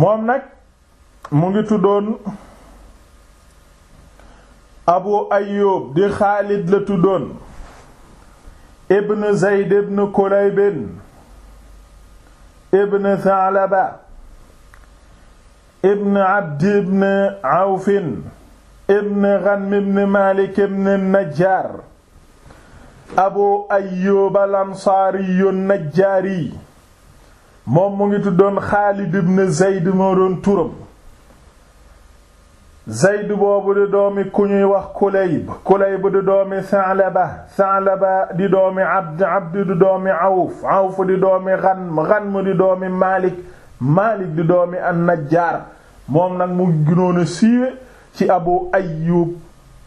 moom nag mu ngi tuddoon abu ayub di xaalid la tuddoon ibn zayd ibn kulaybin ibn thalaba ibn abdi ibn awfin ibn ghanm ibn malik ibn najjar abu ayub al ansaari najjaari moom mu ngi tuddoon Xaalid ibn Zayd moo doon turam Zayd boobu di doomi ku ñuy wax Kulayb Kulayb di doomi Sa'laba Sa'laba di doomi Abd Abd di doomi Awf Awf di doomi Ghanm Ghanm di doomi Maalik Maalik di doomi An-Najjaar moom nag mu gënoon a siiwe ci Abu Ayyub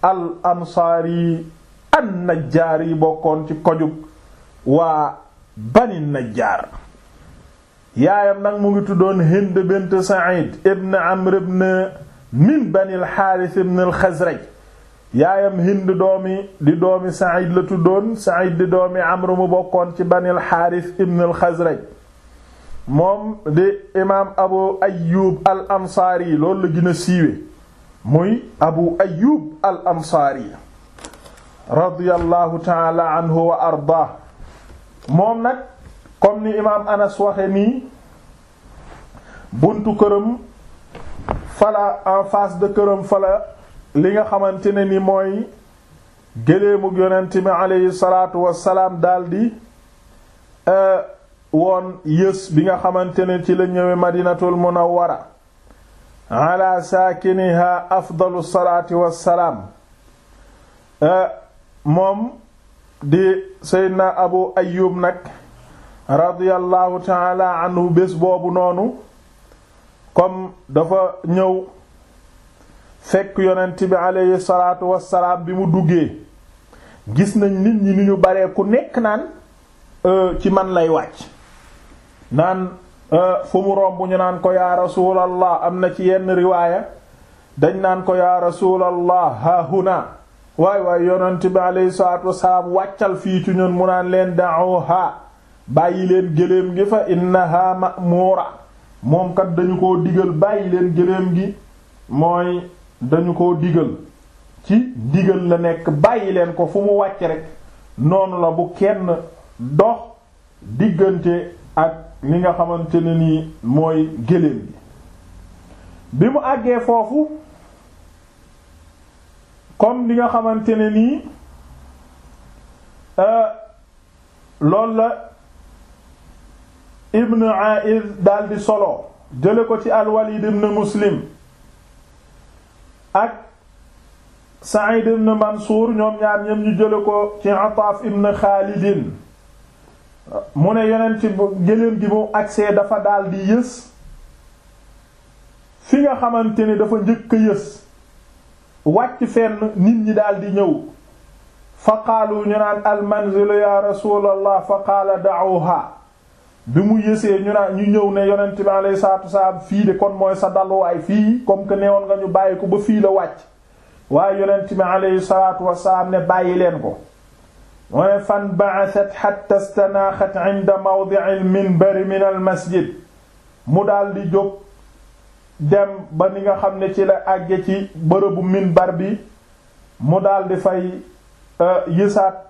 al-Ansaari An-Najjaar yi bokkoon ci kojug waa Bani Najjaar yaayam nag mu ngi tuddoon Hind bint Sa'id ibn Amr ibn min bani al-Harith ibn al-Khazraj yaayam Hind doomi di doomi Sa'id la tuddoon Sa'id di doomi Amr mu bokkoon ci bani al-Harith ibn al-Khazraj moom di imaam Abu Ayyub al-Ansari loolu la gën a siiwe muy Abu Ayyub al-Ansari radiyallahu ta'ala anhu wa ardaa moom nag comme ni imaam Anas waxe nii buntu këram fala en face de këram fala li nga xamante ne ni mooy géléemug yonent mi aleyhi salaatu wasalaam daldi euh, woon yës bi nga xamante ne ci la ñëwee madinatul munawwara ala saakiniha afdalu salaati wassalaam euh, moom di seydna abu ayyub nag radiyallahu taala bés boobu noonu comme dafa ñëw fekk yonent bi aleyhi salaatu wassalaam bi mu duggee gis nañ nit ñi ni ñu bare ku nekk naan euh, ci man lay wàcc naan euh, fu mu romb ñu naan ko yaa rasuulallah am na ci yenn riwaaya dañ naan ko yaa rasuulallah haahuna waay waay yonent bi aleyhi salaatu wassalaam wàccal fii ci ñun mu naan leen da'uha bàyyi leen gëléem gi fa innaha ma'mura moom kat dañu koo digal bàyyileen leen gi mooy dañu ko digal ci digal la nekk bàyyi leen ko fu mu wàcc rek noonu la bu kenn dox diggante ak li nga xamante ne nii mooy gëléem gi bi mu àggee foofu comme li nga xamante ne nii euh, loolu la ibn A'iz daldi solo jële ko ci al-Walid ibn Muslim ak Sa'id ibn Mansuur ñoom ñaar ñoom ñu jële ko ci Ataaf ibn Xaalidin mu ne yeneen ci gëléem gi mu agsee dafa daldi yës fi nga xamante ni dafa njëkk a yës wàcc fenn nit ñi daldi ñëw fa qaalu ñu naan al manzilu ya rasulallah fa qaala da'uha bi mu yësee ñu naa ñu ñëw ne yonent bi alayhi salaatu salaam fii de kon mooy sa dalluwaay fii comme que neewoon nga ñu bàyyi ko ba fii la wàcc waaye yonent bi alayhi salaatu wasalaam ne bàyyi leen ko mooy fan ba'athat hatta istanaaxat 'inda mawdi'il minbari min al masjid mu jóg dem ba ni nga xam ne ci la àgge ci bërëbu bar bi mu daldi fay euh, yësaat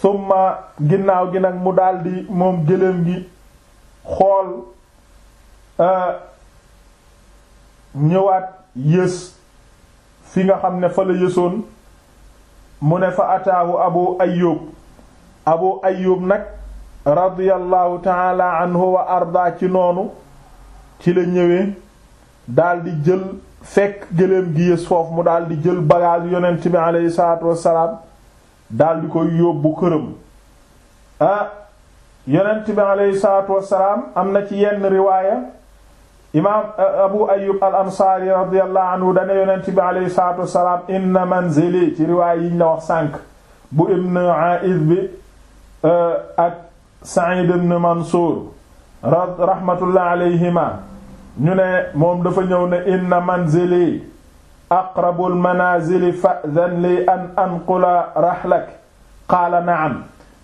summa ginnaaw gi nag mu daldi moom gëléem gi xool euh, ñëwaat yës fi nga xam ne fa la yësoon mu ne fa ataahu abu ayyub abu ayyub nag radiyallahu taala anhu wa arda ci noonu ci la ñëwee daldi jël fekk gëléem gi yës foofu mu daldi jël bagage yonent bi aleyhi salaatu wassalaam daldi di koy yóbbu këram ah yonent bi am na ci yenn riwaaya imaam ah, abu ayub al ansaari radiyallahu anhu dane yonent bi aleyhi salaatu wassalaam inna manzili ci riwaaya yiñ la wax sànq bu ibn aiz bi ah, ak sa'id ibn mansuur rahmatullah alayhima ñu ne moom dafa ñëw ne inna manzili aqrabul manazili fa'zan li an anqula rahlak qaala na'am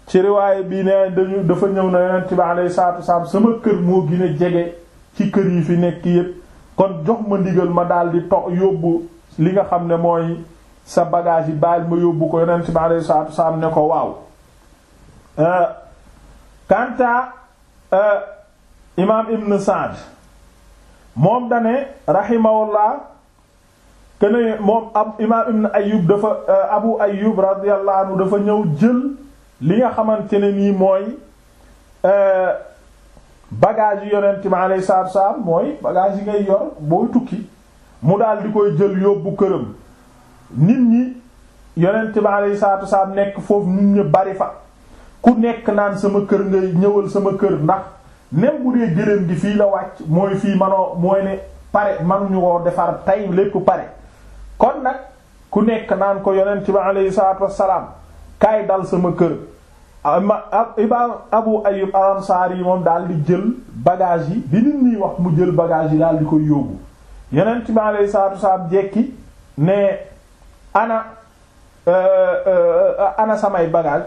ci riwaaya bii nee dañu dafa ñëw na yonent bi alayhi salaatu wasalaam sama kër moo gën a jege ci kër yi fi nekk yépp kon jox ma ndigal ma daldi to yóbbu li nga xam ne mooy sa bagage yi bàyyil ma yóbbu ko yonent bi alayhi salaatu wasalaam ne ko waaw euh, kanta euh, imaam ibn Sa'd moom dane rahimahullah kene moom ab imaam ibn ayub dafa euh, abu ayub radiyallahu anhu dafa ñëw jël li nga xamante ne nii mooy euh, bagage yi yonent mi alayhi salaatu salaam mooy bagage yi ngay yor booy tukki mu daal di koy jël yóbbu këram nit ñi yonent mi alayhi salaatu salaam nekk foofu nit ñi bari fa ku nekk naan sama kër ngay ñëwal sama kër ndax même bu dee gëléem gi fii la wàcc mooy fii manoo mooy ne pare manuñu ko defar tay lépp pare kon nag ku nekk naan ko yonent bi aleyhi salaatu wassalaam kaay dal sama kër imaam abu ayub al yi moom daal di jël bagage yi bi nit ñi wax mu jël bagage yi daal di koy yóbbu yonent bi aleyhi salaatu wassalaam jekki ne ana euh, euh, ana samay bagage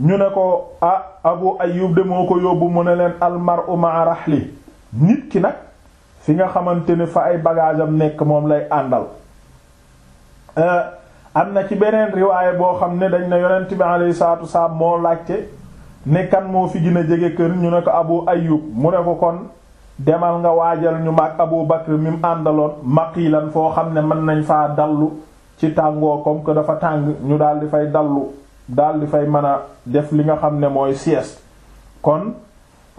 ñu ne ko ah abu ayub de moo ko yóbbu mu ne leen almaru ma rahli nit ki nag fi nga xamante ne fa ay bagage nekk moom lay àndal Euh, am na ci beneen riwaayé boo xam ne dañ ne yonent bi alayhi salaatu wasalaam moo laajte ne kan moo fi gën a jege kër ñu ne ko abu ayub mu ne ko kon demal nga waajal ñu maag abu bakr mi mu àndaloon maqiilan foo xam ne mën nañ faa dallu ci tàngoo comme que dafa tàng ñu daal di fay dallu daal di fay mën a def li nga xam ne mooy sieste kon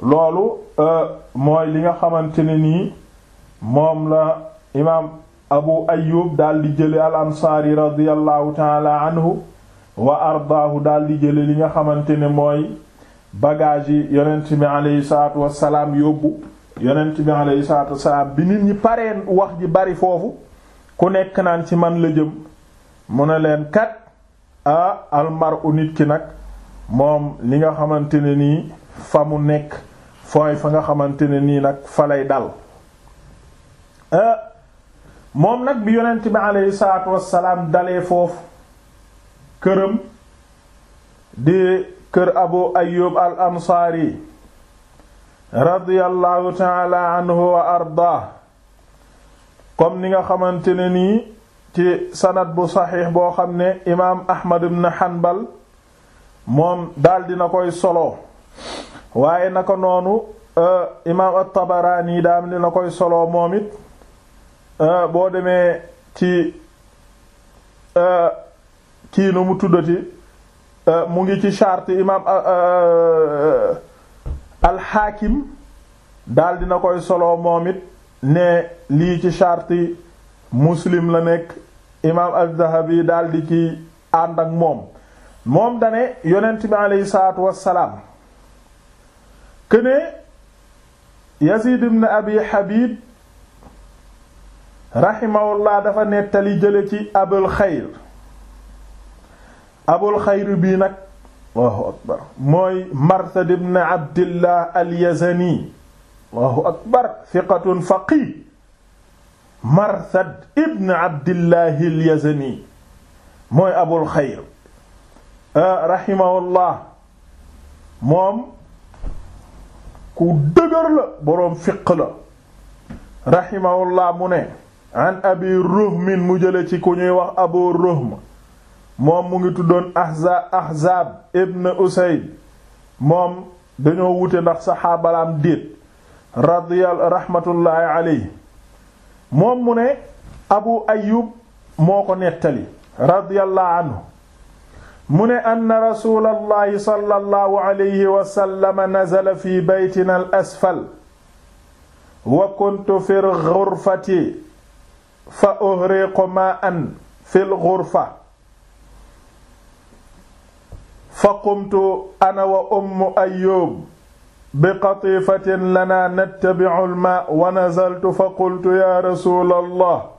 loolu euh, mooy li nga xamante ne nii moom la imaam abu ayub daal di jële al ansaari radiallahu taala anhu wa ardaahu daal di jële li nga xamante ne mooy bagage yi yonent bi aleyhi salaatu wasalaam yóbbu yonent bi aleyhi salaatu bi nit ñi pareen wax ji bari foofu ku nekk naan ci man la jëm mu ne leen kat a almar nit ki nag moom li nga xamante ne nii fa mu nekk fooy fa nga xamante ne nii nag falay dal moom nag bi yonent bi aleyhi salaatu wassalaam dalee foofu këram di kër abu ayub al ansaari radiyallahu taala anhu wa ardaa comme ni nga xamante ne nii ci sanad bu saxiix boo xam ne imaam ahmad ibn hanbal moom daldi na koy solo waaye naka noonu euh, imaam at tabaraani daam dina koy solo moom it Ah, boo demee ci ah, kii nu mu tuddati ah, mu ngi ci charte imaam alxaakim daal dina koy solo moom it ne lii ci charte muslim la nekk imaam az-Zahabi daal di ci ànd ak moom moom dane yonent bi aleyhi salaatu wassalaam këne Yazid ibn Abi Habib raximahullah dafa nettali jële ci abul xayr abul xayr bii nag allahu akbar mooy marsad ibn abdillah alyazani allahu akbar thiqatun faqih marsad ibn abdillah alyazani mooy abul xayr ah, raximahullah moom ku dëgër la boroom fiq la raximahullah mu ne an abi ruhmin mu jële ci ku ñuy wax abu ruhm moom mu ngi tuddoon ahza ahzaab ibn usayd moom dañoo wute ndax saxaabalaam déet radiyal moom mu ne abu ayub moo ko nettali radiyallahu mu ne anna rasulallaahi sallallahu alayhi wa sallam fi baytina al wa kuntu fi ghurfati fa uhriqu ma'an fil ghurfa fa qumtu ana wa ummu ayyub bi qatifatin lana nattabi'u al-ma' wa nazaltu fa qultu ya rasul allah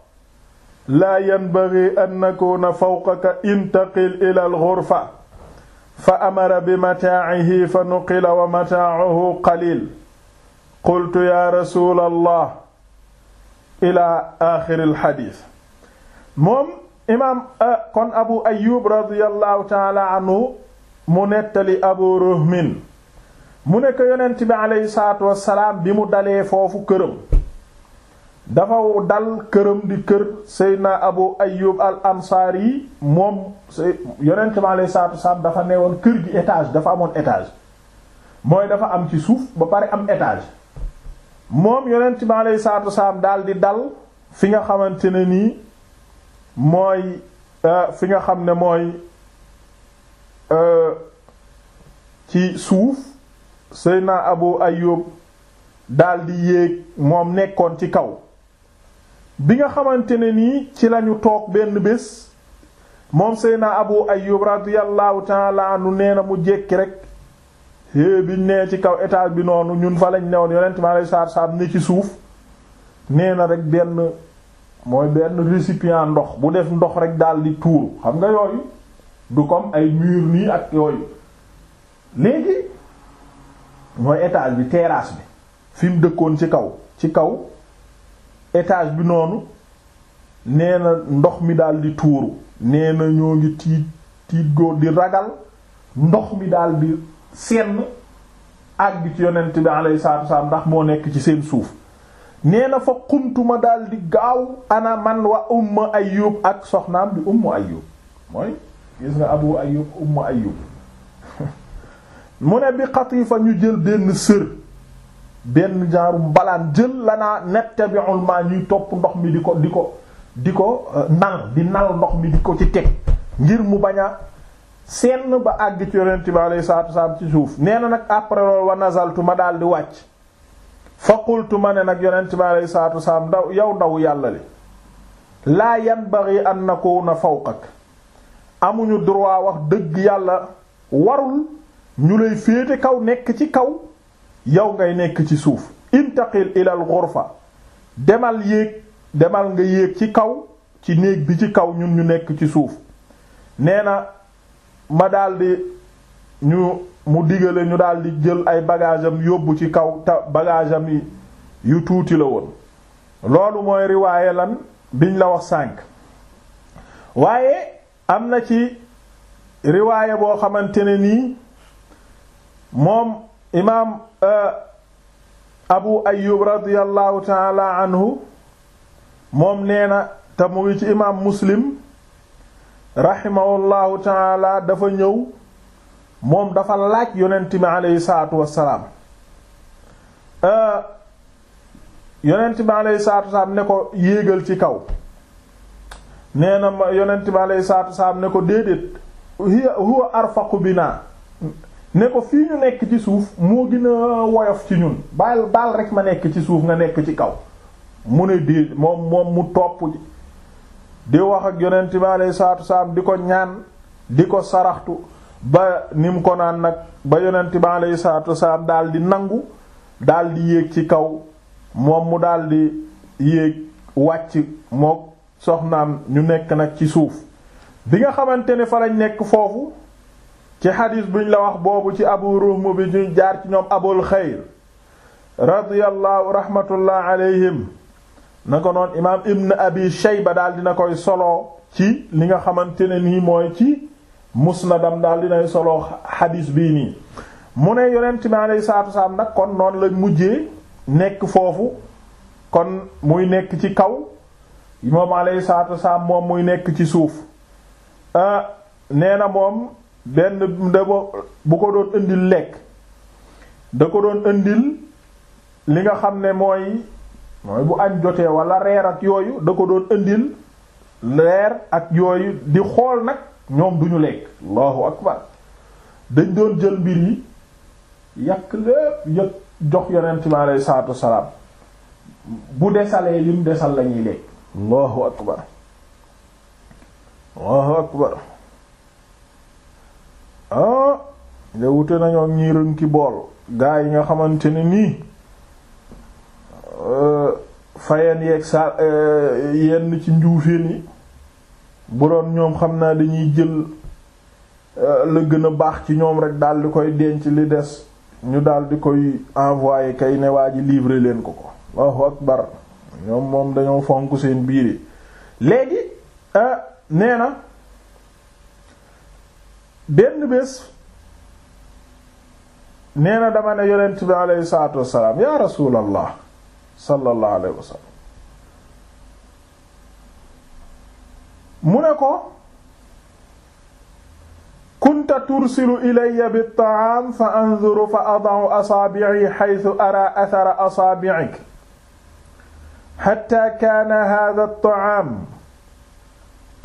laa yanbaghi an nakuna fawqaka intaqil ila al-ghurfa fa amara bi mataa'ihi fa nuqila wa mataa'uhu qalil qultu ya rasul allah ila axiril xadiis moom imaam kon abu ayub radiyallahu taala anhu mu nettali abu ruhmin mu nekk yonent bi aleyhi salaatu wassalaam bi mu dalee foofu këram dafa dal këram di kër seydna abu ayub al ansaari moom yonent bi aleyhi salaatu wassalaam dafa newoon kër gi étage dafa amoon étage mooy dafa am ci suuf ba pare am étage moom yonent bi aleyhi salaatu wasalaam daal di dal fi nga xamante ne nii mooy euh, fi nga xam ne mooy euh, ci suuf Seydina Abu Ayyub daal di yéeg moom nekkoon ci kaw bi nga xamante ne nii ci lañu toog benn bés moom Seydina Abu Ayyub radiyallahu ta'ala anhu nee na mu jékki rekk é biñ nee ci kaw étage bi noonu ñun fa lañ new yonent ma lay saar saab ne ci suuf nee na rek benn mooy benn récipient ndox bu def ndox rek daal di tuuru xam nga yooyu du comme ay mur nii ak yooyu léegi mooy étage bi terrasse bi fi mu dëkkoon ci kaw ci kaw étage bi noonu nee na ndox mi daal di tuuru nee na ñoo ngi tiit tiit góor di ragal ndox mi daal di senn àgg ci yonent bi alayhi salaatu ndax moo nekk ci seen suuf nee na fa xumtuma daal di gaaw ana man wa umma ayub ak soxnaam bi umma ayub mooy gis nga abu ayub umma ayub mu ne bi xatifa ñu jël benn sër benn jaaru mbalaan jël lanaa nettabi'ul ma ñuy topp ndox mi di ko di ko di ko euh, nal di nal ndox mi di ko ci teg ngir mu baña senn ba àgg ci yonent bi alayhi salaatu wasalaam ci suuf nee na nag après loolu wa nazaltu ma daal di wàcc fa qultu ma ne nag yonent bi alayhi salaatu wasalaam ndaw yow ndaw yàlla li laa yanbaghi an nakuna fawqak amuñu droit wax dëgg yàlla warul ñu lay féete kaw nekk ci kaw yow ngay nekk ci suuf intaqil ilal ghurfa demal yéeg demal nga yéeg ci kaw ci néeg bi ci kaw ñun ñu nekk ci suuf nee na ma daldi ñu mu digale ñu daldi jël ay bagage yóbbu ci kaw ta bagage am yu tuuti la woon loolu mooy riwaaye lan biñ la wax sànk waaye am na ci riwaaye boo xamante ne nii moom imaam euh, abu ayyub radiyallahu taala anhu moom nee na te mu ci imaam muslim rahimahullahu taala dafa ñëw moom dafa laaj yonent bi aleyhi salaatu wassalaam euh, yonent bi aleyhi salaatu wassalaam ne ko yéegal ci kaw nee na ma yonent bi aleyhi salaatu wassalaam ne ko déedéet huwa arfaqu bina ne ko fii ñu nekk ci suuf moo gën a woyof ci ñun baal baal rek ma nekk ci suuf nga nekk ci kaw mu ne déet moom moom mu topp di wax ak yonent bi alayhi salaatu di ko ñaan di ko saraxtu ba nim ko naan nag ba yonent bi alayhi salaatu salaam nangu daldi yéeg ci kaw moom mu daldi yéeg wàcc mook soxnaam ñu nekk nag ci suuf bi nga xamante ni fa lañ nekk foofu ci xadis buñ la wax boobu ci abu ruhm bi ñuy jaar ci ñoom abul xayr radiyallahu rahmatullah alayhim na ko noon imaam ibn abi shayba daal dina koy soloo ci li nga xamante ne nii mooy ci musnadam daal dinay solo xadiis bii nii mu ne yonent mi alayhi salaatu wasalaam nag kon noonu la mujjee nekk foofu kon muy nekk ci kaw moom alayhi salaatu wasalaam moom muy nekk ci suuf ah, nee na moom benn bu ko doon indil lekk da ko doon indil li nga xam ne mooy mooy bu añ jotee wala reer ak yooyu da ko doon indil reer ak yooyu di xool nag ñoom duñu lekk allahu akbar dañ doon jël mbir yi yàq lépp yëpp jox ma bi salaat salaatu wasalaam bu desalee lim desal la ñuy lekk allahu akbar allahu akbar ah de wute nañoo ñi rënki bool gaa yi nga xamante ne nii Euh, fayeen yeeg sa euh, yenn ci njuufeen yi bu doon ñoom xam naa dañuy jël euh, la gën a baax ci ñoom rek daal di koy denc li des ñu daal di koy envoyer kay ne waa ji livrer leen ko ko Allahu akbar ñoom moom dañoo fonk seen biir yi léegi nee na benn bés nee na dama ne yonent bi aleyhi salaatu wassalaam yaa rasuulallah sallallahu alayhi wa sallam mu ne ko kunta tursilu ilayya bittaam fa anzuru fa ada'u asaabi'i haythu ara athara asaabi'ik hatta kaana hadha at-ta'am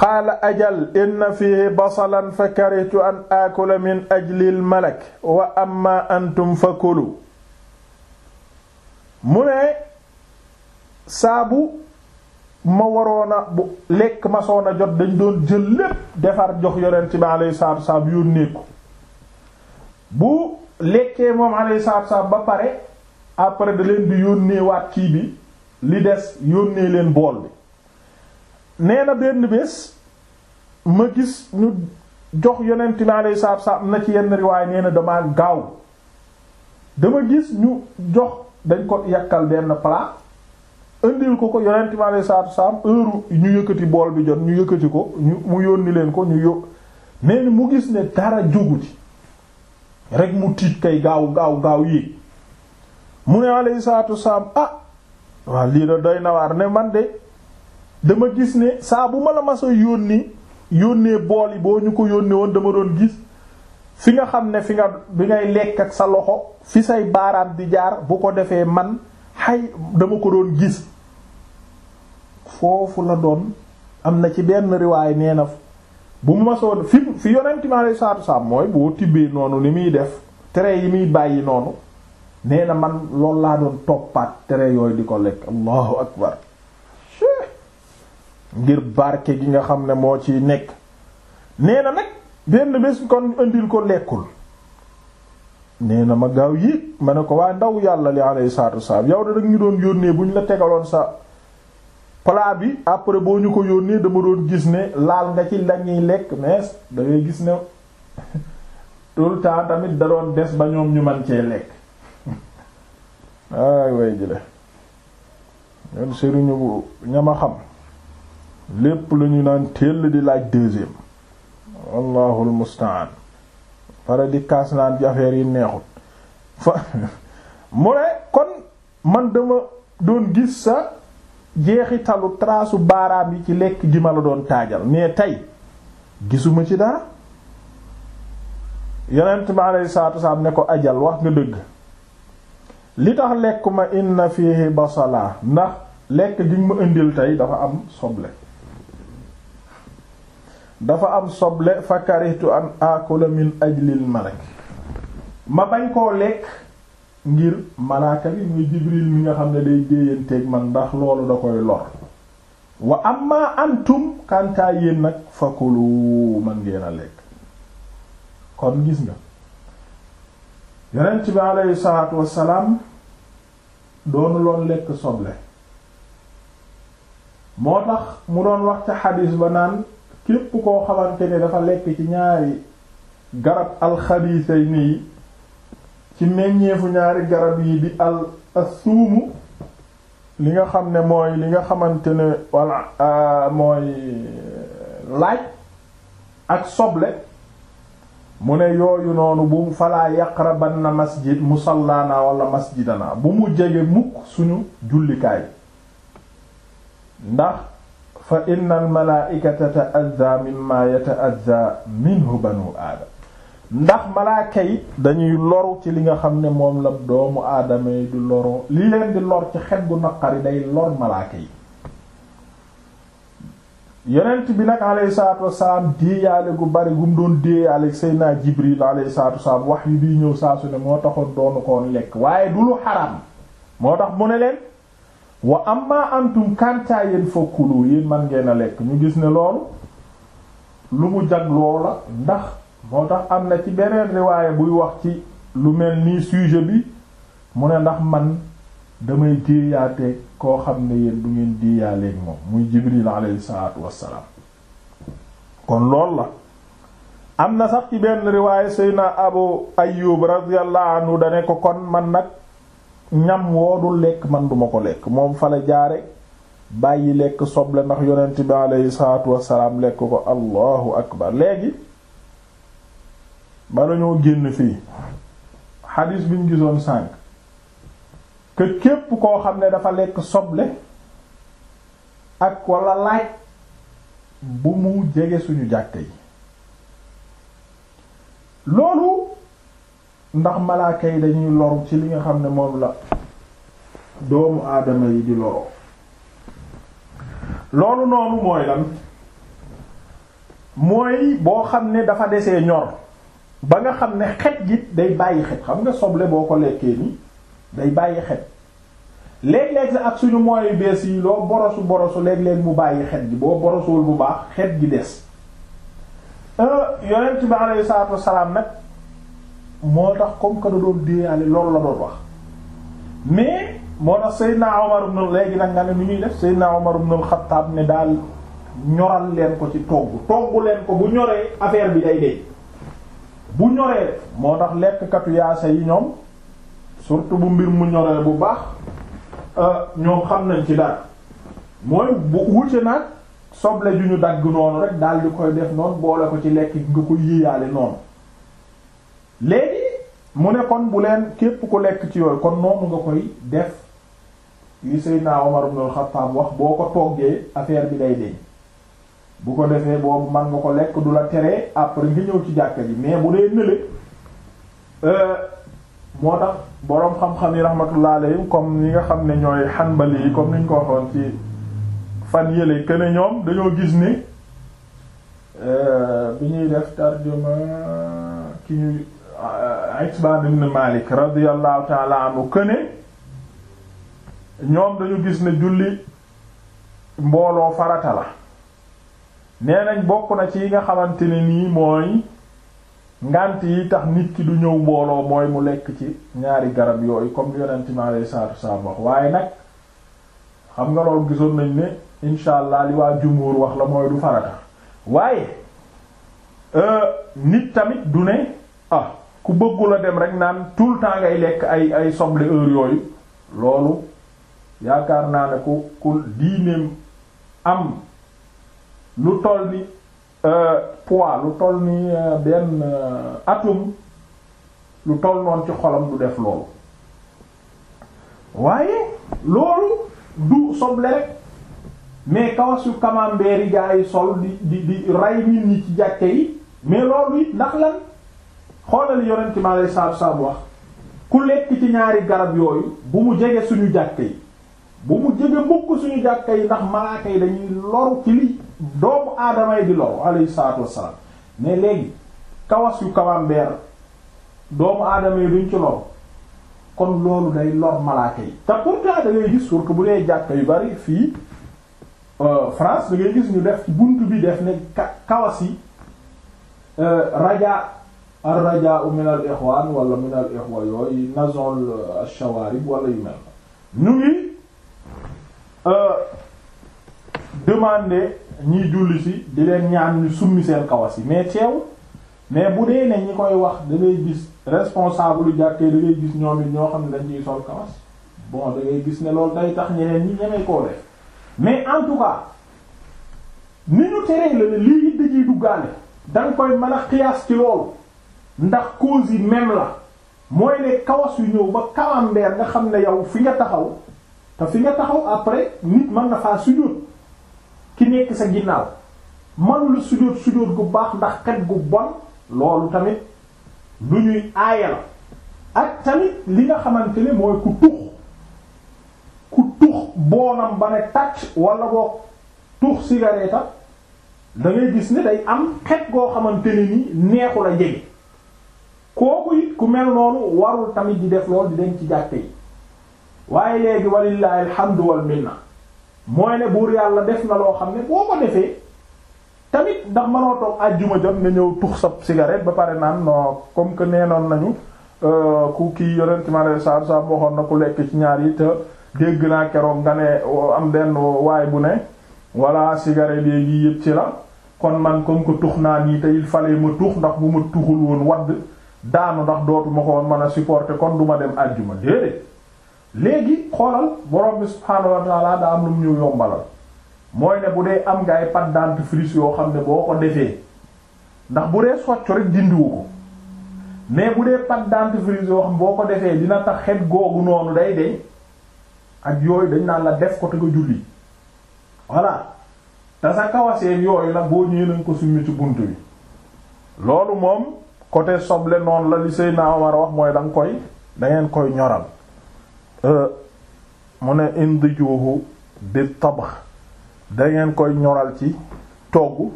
qaala ajal inna fihi basalan fa karihtu an aakula min ajli al-malak wa amma antum fakulu mu ne saabu ma waroon a bu lekk ma soon a jot dañ doon jël lépp defar jox yonent bi alayhi salaatu salaam yónnee ko bu lekkee moom alayhi salaatu salaam ba pare après da leen di yónnee waat kii bi li des yónnee leen bool bi nee na benn bés ma gis ñu jox yonent bi alayhi salaatu salaam na ci yenn riwaay nee na damaa gaaw dama gis ñu jox dañ ko yàkkal benn plat indil ko ko yonent bi alayhi salaatu salaam ñu yëkkati bool bi jot ñu yëkkati ko ñu mu yónni leen ko ñu yó nee mu gis ne dara jógu ci rek mu tiit kay gaaw gaaw gaaw yéeg mu ne alayhi salaatu salaam ah waaw lii da doy nawaar ne man de dama gis ne saa bu ma la ma masa yónni yónnee bool yi boo ñu ko yónnee woon dama doon gis fi nga xam ne fi nga bi ngay lekk ak sa loxo fi say baaraam di jaar bu ko defee man xay dama ko doon gis foofu la doon am na ci benn riwaay nee na bu mu masoon fi fi yonenti ma lay saatu saam mooy boo tibbee noonu ni muy def tere yi muy bàyyi noonu nee na man loolu laa doon toppaat tere yooyu di ko lekk allahu akbar ngir barke gi nga xam ne moo ci nekk nee na nag benn bés kon indil ko lekkul nee na ma gaaw yéeg ma ne ko waaye ndaw yàlla li alayhi salaatu wasalaam yow da dag ñu doon yónnee bu ñu la tegaloon sa plat bi après boo ñu ko yónnee dama doon gis ne laal nga ci la lañuy lekk mais da gis ne tout temps tamit da doon des ba ñoom ñu man cee lekk ay way jële ñoon sëriñu bu ñama xam lépp lañu naan teel di laaj deuxième wallahul musta'an pare di kaas naan ci yi neexut mu ne kon man dama doon gis sa jeexi talu trasu baaraam yi ci lekk gi ma la doon taajal mais tey gisuma ci dara yonent bi alayhi salaatu wasalaam ne ko ajal wax nga dëgg li tax lekkuma na fihi basala ndax lekk gi ma indil tey dafa am soble dafa am soble fa karihtu an akula min ajlil malak ma bañ koo lekk ngir malaakalit bi muy jibril mi nga xam ne day déeyanteeg man ndax loolu da koy lor wa amma antum kantaa yéen nag fakulu man ngeen lekk kon gis nga yonent bi aleyhi salaatu salaam doonu loon lekk soble moo tax mu doon wax ca xadiis ba naan képp koo xamante ne dafa lekk ci ñaari garab alxabisay nii ci meññeefu ñaari garab yi bi al assuumu li nga xam ne mooy li nga xamante ne walla euh, mooy euh, laaj ak soble mu ne yooyu noonu bu falaa yaqrabanna masjid musallaana wala masjidana bu mu jege mukk suñu jullikaay ndax fa inna almalaikata ta'azza mimma yata'azza minhu banu aadam ndax malaaka yi dañuy loru ci li nga xam ne moom la doomu aadama yi di loroo li leen di lor ci xet gu naqari day lor malaaka yi yonent bi nag alayhi salaatu wasalaam déeyaale gu bari gum doon déeyaale Seydina Jibril alayhi salaatu wasalaam wax yi bii ñëw saa su ne moo taxoon doonu koon lekk waaye du lu xaraam moo tax mu ne leen wa amma antum kantaa yéen fa kulu man ngeen a lekk mu gis ne loolu lu mu jagloo la ndax moo tax am na ci beneen riwaaye buy wax ci lu mel nii sujet bi mu ne ndax man damay déeyaate koo xam ne yéen du ngeen déeyaaleen moom muy jibril alayhi salaatu wassalaam kon lool la am na sax ci benn riwaaye sayna abu ayyub radiyallahu anhu dane ko kon man nag ñam woodul lekk man duma ko lekk moom fale jaare bàyyi lekk soble ndax yonent bi aleyhi salaatu wassalaam lekk ko allahu akbar léegi bala ñoo génn fii xadiis bi ñu gisoon sànk kër képp koo xam ne dafa lekk soble ak walla laaj bu mu jege suñu jàkk yi loolu ndax malaaka yi dañuy loru ci li nga xam ne moom la doomu aadama yi di loroo loolu noonu mooy lan mooy boo xam ne dafa desee ñor ba nga xam ne xet gi day bàyyi xet xam nga soble boo ko lekkee ni day bàyyi xet léeg-léeg sa ak suñu mooy bees yi loo borosu borosu léeg-léeg mu bàyyi xet gi boo borosuwul bu baax xet gi des euh, yonent bi alayhi salaatu wassalaam nag moo tax comme que da doon déeyaale loolu la doon wax mais moo tax Seydina Omar ibn léegi nag nga ne nu ñuy def Seydina Omar ibn al-Khattab ne daal ñoral leen ko ci togg togg leen ko bu ñoree affaire bi day dee bu ñoree moo tax lekkkatu yaasa yi ñoom surtout bu mbir mu ñoree bu baax euh, ñoom xam nañ ci dara mooy bu wute soble ju ñu dagg noonu rek daal di koy def noonu boole ko ci lekk nga ko yéeyaale noonu léegi mu ne kon bu leen képp ku lekk ci yooyu kon noonu nga koy def li naa Omar ibn al-Khattab wax boo ko toggee affaire bi day deñ bu ko defee boobu man nga ko lekk du la teree après nga ñëw ci jàkka ji mais bu dee nële euh, moo tax boroom xam-xam yi rahmatullah alayhim comme ñi nga xam ne ñooy xanbali yi comme niñ ko waxoon ci fan yële que ñoom dañoo gis ne euh, bi ñuy def tarjuma ki ñuy Itbaan ibn Malik radiyallahu taala anhu këne ñoom dañu gis ne julli mbooloo farata la nee nañ bokk na ci yi nga xamante ne nii mooy ngànt yi tax nit ki du ñëw mbooloo mooy mu lekk ci ñaari garab yooyu comme yonent mi alayhi salaatu wasalaam wax waaye nag xam nga loolu gisoon nañ ne incha allah li waa jumhur wax la mooy du farata waaye euh, nit tamit du ne ah ku bëggul a dem rek naan tout le temps ngay lekk ay ay soble heure yooyu loolu yaakaar naa ne ku ku diineem am lu toll ni euh, poids lu toll ni euh, benn euh, atome lu toll noonu ci xolam du def loolu waaye loolu du soble rek mais kawasu camembert yi gaa yi sol di di di rey nit ci jàkke yi mais loolu it ndax lan xoolal yonent mi alayhi salaatu wax ku lekk ci ñaari garab yooyu bu mu jege suñu jàkka yi bu mu jege mukk suñu jàkka yi ndax malaaka yi dañuy loru ci li doomu aadama yi di loru alayhi salaatu wassalaam mais léegi kawas yu kawambeer doomu aadama yi duñ ci loru kon loolu day lor malaaka yi te pourtant da ngay gis surtout bu dee jàkka yu bari fii euh, France da ngay gis ñu def ci bunt bi def ne kawas yi euh, raja arrajau min al ixwaan wala min al ixwa yooyu nazol shawarib wala yu mel ñu ngi euh, demander ñiy julli si di leen ñaan ñu summi seen kawas yi mais teew mais bu dee ne ñi koy wax da gis responsable yu jàkkee da ngay gis ñoom it ñoo xam ne dañ sol kawas bon da gis ne loolu day tax ñeneen ñi ñemee koo mais en tout cas ni ñu teree la ne lii it dañuy duggaale da koy mën a ci loolu ndax cause yi même la mooy ne kawas yu ñëw ba kalambeer nga xam ne yow fi nga taxaw te fi nga taxaw après nit mën na faa sujjóot ki nekk sa ginnaaw mënula sujjóot sujjóot gu baax ndax xet gu bon loolu tamit lu ñuy aaya la ak tamit li nga xamante ne mooy ku tux ku tux boonam ba ne tàcc wala boo tux cigarette da gis ne day am xet goo xamante ne ni neexu la jege ku mel noonu warul tamit di def loolu dem ci jàkke yi waaye léegi walillahi alhamdu wal minna mooy ne buur yàlla def na loo xam ne boo ko defee tamit ndax mënoo toog àjjuma jot nga ñëw tux sa cigarette ba pare naan non comme que neenoon nañu euh, ku kii yonent mare sab sab waxoon na ku lekk ci ñaar yi te dégg naa keroog nga ne am benn waaye bu ne walla cigarette léegi yëpp ci la kon man comme que tux naa nii te il ma tux ndax bu ma tuxul woon wadd daanu ndax dootuma ko mën a supporter kon duma dem àjjuma déedéet léegi xoolal borom bi subhaanahu daa am lu mu ñu yombalal mooy ne bu dee am nga ay pâte dentifrice yoo xam ne boo ko defee ndax bu dee soccu rek dindiwu ko mais bu dee pâte dentifrice yoo xam boo ko defee dina tax xet googu noonu day day ak yooyu dañ naan la def ko te nga julli voilà te sa kawasee yooyu la boo ñëwee nañ ko summi ci bunt bi loolu moom côté soble noonu la li Seydina Omar wax mooy da koy dangeen koy ñoral euh, mu ne indijuhu bi tabax da ngeen koy ñoral ci togg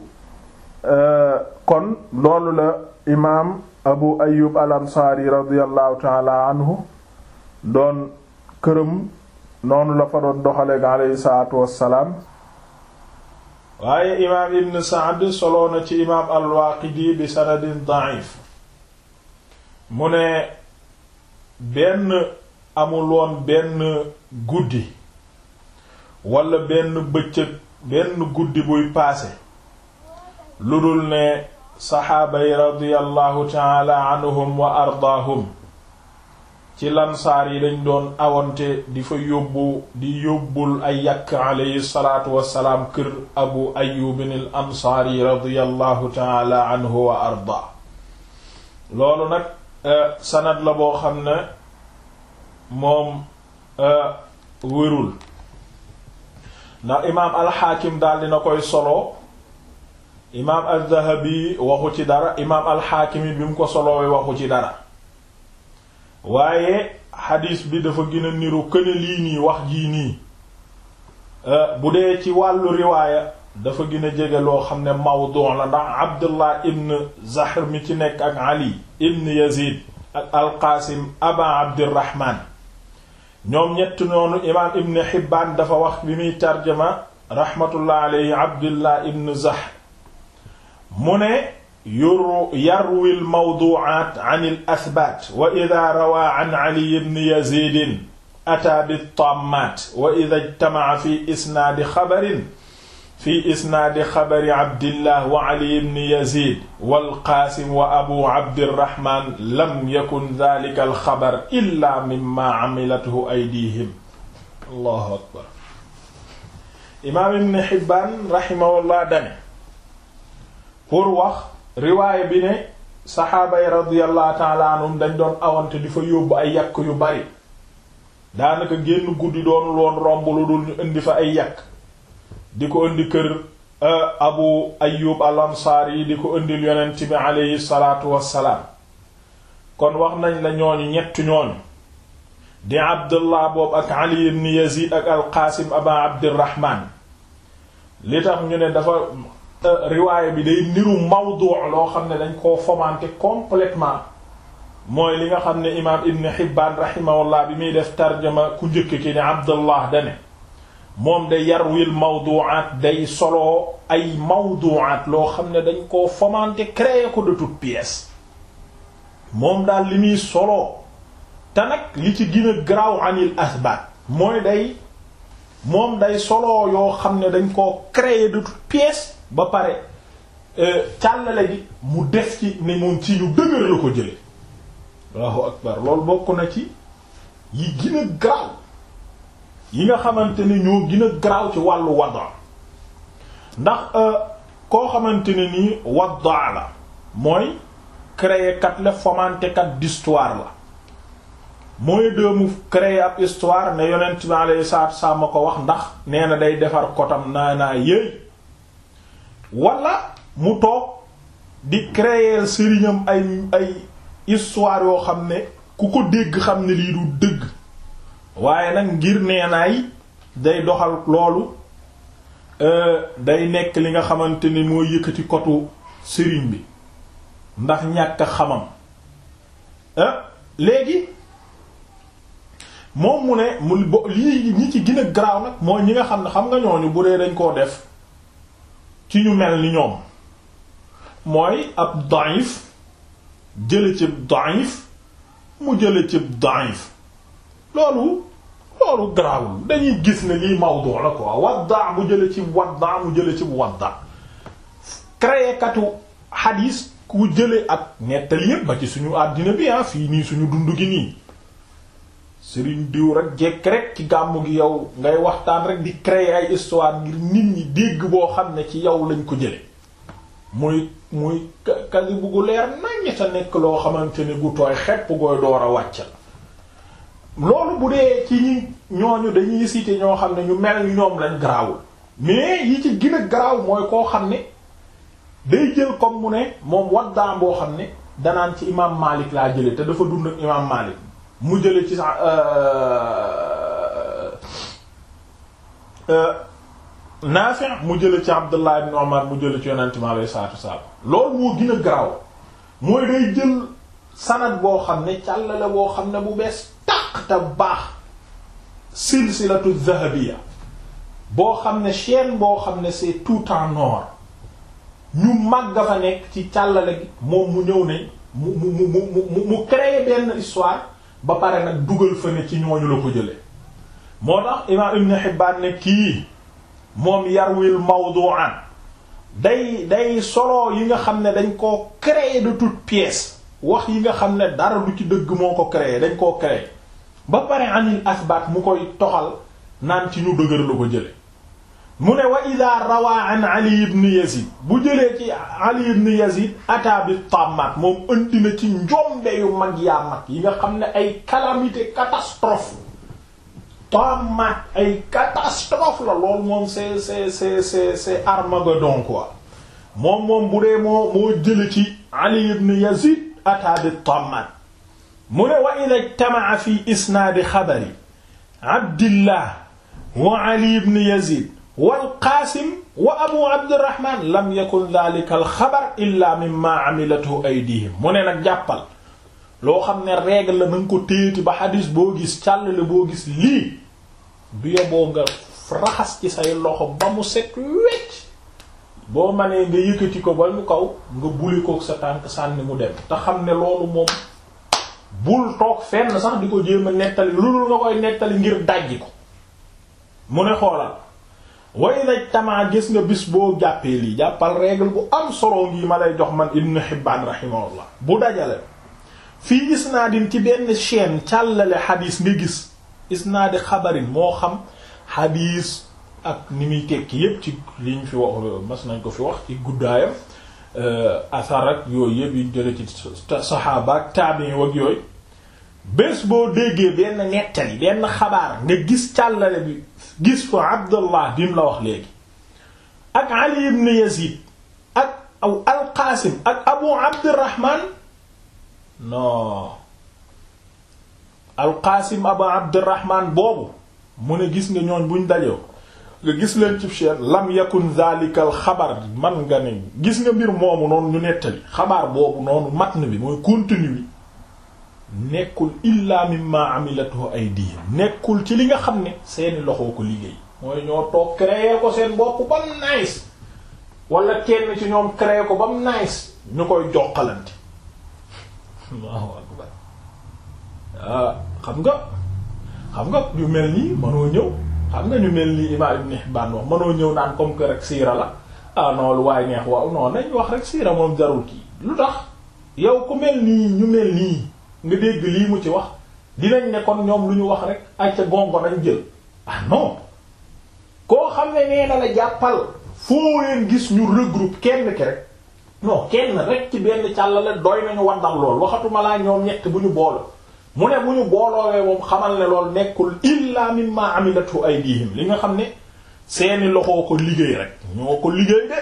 euh, kon loolu la imaam Abu Ayyub al-Ansari radiyallahu taala anhu doon këram noonu la fa doon doxale aleyhi salaatu wassalaam waaye imaam Ibn Sa'd solo ci imaam al-Waaqidi bi sanadin da'if mu ne benn amuloon benn guddi walla benn bëccëg benn guddi buy paase lu dul ne saxaaba yi radiyallahu taala anhum wa ardaahum ci lansaar yi dañ doon awante di fa yóbbu di yóbbul ay yàkk aleyhi salaatu wassalaam kër abu ayyubin al ansaari radiyallahu taala anhu wa ardaa loolu nag Euh, sanad la boo xam ne moom euh, wérul ndax imaam alxaakim daal dina koy solo imaam aldahabi waxu ci dara imaam alxaakim yi bi mu ko solowee waxu ci dara waaye xadiis bi dafa gën niru këne lii nii wax jii nii euh, bu dee ci wàllu riwaaya dafa gën a jege loo xam ne mawdu la ndax abdullah ibn zahr mi ci nekk ak ali ibn yazid ak alqaasim aba abdirahman ñoom ñett noonu imaam ibn hibbaan dafa wax bi muy tarjama rahmatullah alayhi abdullah ibn zahr mu ne yuru yarwi al mawdu'at an al athbat wa idha rawa an ali ibn yazid ata bit tammat wa idha ijtama'a fi isnaadi xabarin fi isnaadi xabari abdillah wa ali ibn yazid walqaasim wa abu abdirahman lam yakun dalika alxabar illa mimma amilathu aydihim allahu akbar imaam ibn xibbaan raximahullah dane pour wax riwaaya bi ne saxaaba yi radiallahu taala anhum dañ doon awante di fa yóbbu ay yàq yu bari daanaka génn guddi doonu loon romb lu dul ñu indi fa ay yàq di ko indi kër euh, abu ayub al di ko indil yonent bi aleyhi salaatu wassalaam kon wax nañ la ñooñu ñetti ñooñu di abdullah boobu ak ali ibn yazid ak alqaasim aba abdirahman li tax ñu ne dafa euh, riwaaya bi day niru mawdu loo xam ne dañ koo fomante complètement mooy li nga xam ne imaam ibn hibbaan rahimahullah bi muy def tarjama ku njëkk ki ne abdullah dane moom de yarwil mawdu'at day solo ay mawdu'at loo xam ne dañ koo fomenter créer ko de toutes moom daal li muy solo te nag li ci gën a garaaw anil asbat mooy day moom day solo yoo xam ne dañ koo créer de toutes ba pare euh, càllale bi mu def ci ne moom ci ñu dëgër la ko jële Allahu akbar loolu bokk na ci yi gën a yi nga xamante ne ñoo gën garaaw ci wàllu wadda ndax euh, koo xamante ne nii wadda la mooy créer kat la fomenter kat d'histoire la mooy de mu créer ab histoire ne yonent bi alayhi salaatu salaam ma ko wax ndax nee na day defar kotam naa naa yéey wala mu toog di créer sëriñam ay ay histoire yoo xam ne ku ko dégg xam ne lii du dëgg waaye nag ngir neenaay day doxal loolu e, day nekk li nga xamante ni moo yëkkati kotu sëriñ bi ndax ñàkk xamam e, léegi moom mu ne mu lii ñi ci gën garaaw nag mooy ñi nga xam ne xam nga ñooñu bu dee dañ koo def ci ñu mel ni ñoom mooy ab daif jële ci daif mu jële ci daif loolu loolu garaawul dañuy gis ne lii mawdu la quoi wadda mu jële ci wadda mu jële ci wadda créé katu xadiis ku jële ak nettali yépp ba ci suñu àddina bi ah fii nii suñu dund gi nii sëriñ diw rek jekk rek ci gàmm gi yow ngay waxtaan rek di créer ay histoire ngir nit ñi dégg boo xam ne ci yow lañ ko jële muy muy kadi bu gu leer nañ sa nekk loo xamante ne gu tooy xepp gooy door a wàccal loolu bu dee ci ñi ñooñu dañuy citer ñoo xam ne ñu mel ñoom lañ garaawul mais yi ci gën a garaaw mooy koo xam ne day jël comme mu ne moom waddaan boo xam ne danaan ci imaam Malik laa jële te dafa dund ak imaam Malik mu jële ci sax euh, euh, euh, Naafi mu jële ci Abdullah ibn Umar mu jële ci yonent mi alayhi salaatu wa salaam loolu moo gën a garaaw mooy day jël sanad boo xam ne càllale boo xam ne bu bees tàq te baax silsilatu dhahabiyya boo xam ne chaîne boo xam ne c'est tout en or ñu mag fa nekk ci càllale moom mu ñëw ne mu mu mu mu mu créer benn histoire ba pare nag dugal fa ne ci ñooñu la ko jële moo tax imaam Ibn Hibbaan ne kii moom yarwil mawdu'an day day solo yi nga xam ne dañ koo créer de toutes pièces wax yi nga xam ne dara du ci dëgg moo ko créé dañ koo créé ba pare anil asbaat mu koy toxal naan ci ñu dëgër lu ko jële mu ne wa ida rawaa an ali ibn yazid bu jëlee ci ali ibn yazid ata bi tamat moom andi na ci njombe yu mag yaa mag yi nga xam ne ay calamité catastrophe tamat ay catastrophe la loolu moom c'est c'est c'est c'est c'est Armageddon quoi moom moom bu dee moo moo jële ci ali ibn yazid ataa bi tammaat mu ne wa ida ijtamaca fi isnaadi xabari abdillah wa ali ibn yazid walqaasim wa abu abdirahman lam yakun dalika alxabar illa mimma amilathu aydihim mu ne nag jàppal loo xam ne règle la na nga ko téeti ba xadis boo gis càllale boo gis lii du yoboo nga raxas ci say loxo ba mu set wecc boo manee nga yëkkati ko ba mu kaw nga buli kook sa tànk sànni mu dem te xam ne loolu moom bul toog fenn sax di ko jéem a nettali lu dul nga koy nettali ngir dajji ko mu ne xoolal way naj tamaa gis nga bis boo jàppee lii jàppal règle bu am solo ngi ma lay jox man Ibn Hibbaan rahimahullah bu dajale fii isnaadin ci benn chaîne càllale xadiis nga gis isnaadi xabarin moo xam xadiis ak ni muy tekki yépp ci li ñu fi wax mas nañ ko fi wax ci guddaayam euh, asar ak yooyu yëpp yuñ jële ci saxaaba ak taabi'i bés boo déggee benn nettali benn xabaar nga gis càllale bi gis fa Abdallah bi mu la wax léegi ak Ali ibn Yazid ak aw al-Qasim ak Abu Abdurrahman non al-Qasim Abu Abdurrahman boobu mu ne gis nga ñooñ buñ dajoo nga gis leen ci cher lam yakun zalikal xabar man nga ne gis nga mbir moomu noonu ñu nettali xabaar boobu noonu na bi mooy contenu bi nekkul illa mimma amilathu aydihim nekkul ci li nga xam ne seeni loxoo ko liggéey mooy ñoo toog créer ko seen bopp ba nice wala kenn ci ñoom créer ko ba nice ñu koy joxalante Allahu akbar ah xam nga xam nga yu mel nii mënoo ñëw xam na ñu mel ni Imaam Ibn Hibbaan wax mënoo ñëw naan comme que rek siira la ah non lu waaye neex waaw non nañ wax rek siira moom jarul kii lu tax yow ku mel nii ñu mel nii nga dégg lii mu ci wax dinañ ne kon ñoom lu ñu wax rek ay ca gongo nañ jël ah non koo xam ne nee na la jàppal foo leen gis ñu regroupe kenn ki rek non kenn rek ci benn càll la doy nañu wandal loolu waxatuma laa ñoom ñett bu ñu boole mu ne mu ñu booloowee moom xamal ne loolu nekkul illa mimma amilatu aydihim li nga xam ne seeni loxoo ko liggéey rek ñoo ko liggéey de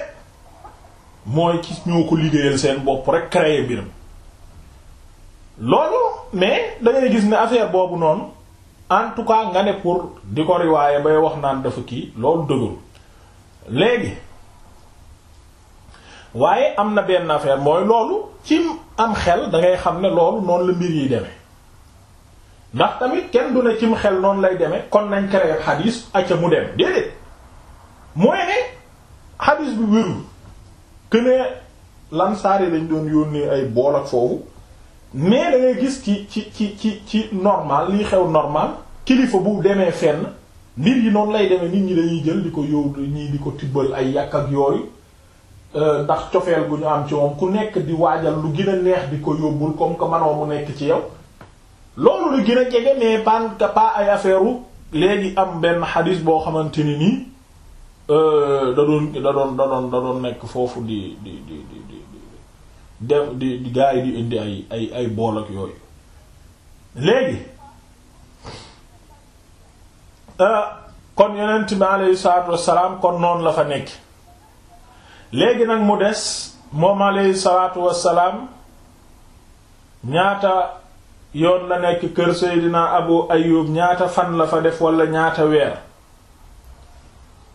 mooy ci ñoo ko liggéeyal seen bopp rek créer biram loolu mais da gis ne affaire boobu noonu en tout cas nga ne pour di ko riwaaye bay wax naan dafa kii loolu dëgëru léegi waaye am na benn affaire mooy loolu ci am xel da ngay xam ne loolu noonu la mbir yi demee ndax tamit kenn du ne cim xel noonu lay demee kon nañ créé xadis acca mu dem déedéet mooy ne xadis bi wérul que ne lansaari lañ doon yónnee ay bool ak foofu mais da gis ci ci ci ci ci normal lii xew normal kilifa bu demee fenn mbir yi noonu lay demee nit ñi dañuy jël di ko yow ñii di ko tibbal ay yàq ak yooyu euh, ndax cofeel bu ñu am ci moom ku nekk di waajal lu gin a neex di ko yóbbul comme que manoo mu nekk ci yow loolu la gën jege mais ban ka ay affaire léegi am benn xadis boo xamante ni nii euh, da doon da doon da nekk foofu di di di di di di di di gaa di indi ay ay ay bool ak yooyu léegi euh, kon yonent bi aleyhi salaatu wassalaam kon noonu la fa nekk léegi nag mu des moom aleyhi salaatu wassalaam ñaata yoon la nekk kër Seydina Abu Ayyub ñaata fan la fa def wala ñaata weer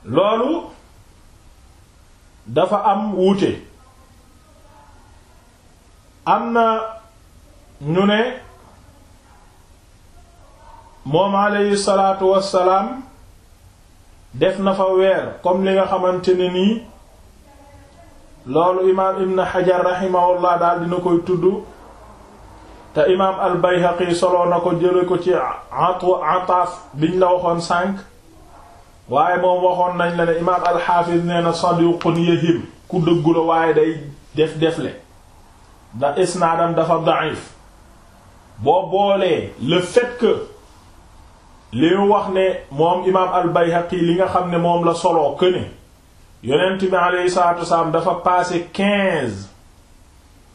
loolu dafa am wuute am na ñu ne moom alayhi salaatu wassalaam def na fa weer comme li nga xamante ne nii loolu imaam Ibn Hajar rahimahullah daal dina koy tudd te imaam al yi soloo na ko jële ko ci atu ataaf biñ la waxoon sànq waaye moom waxoon nañ la ne imaam al nee na saduqun yahim ku dëggu la waaye day def defle ndax isnaadam dafa da'if boo boolee le fait li mu wax ne moom imaam al yi li nga xam ne moom la soloo que ne yonent bi alayhi dafa paase quinze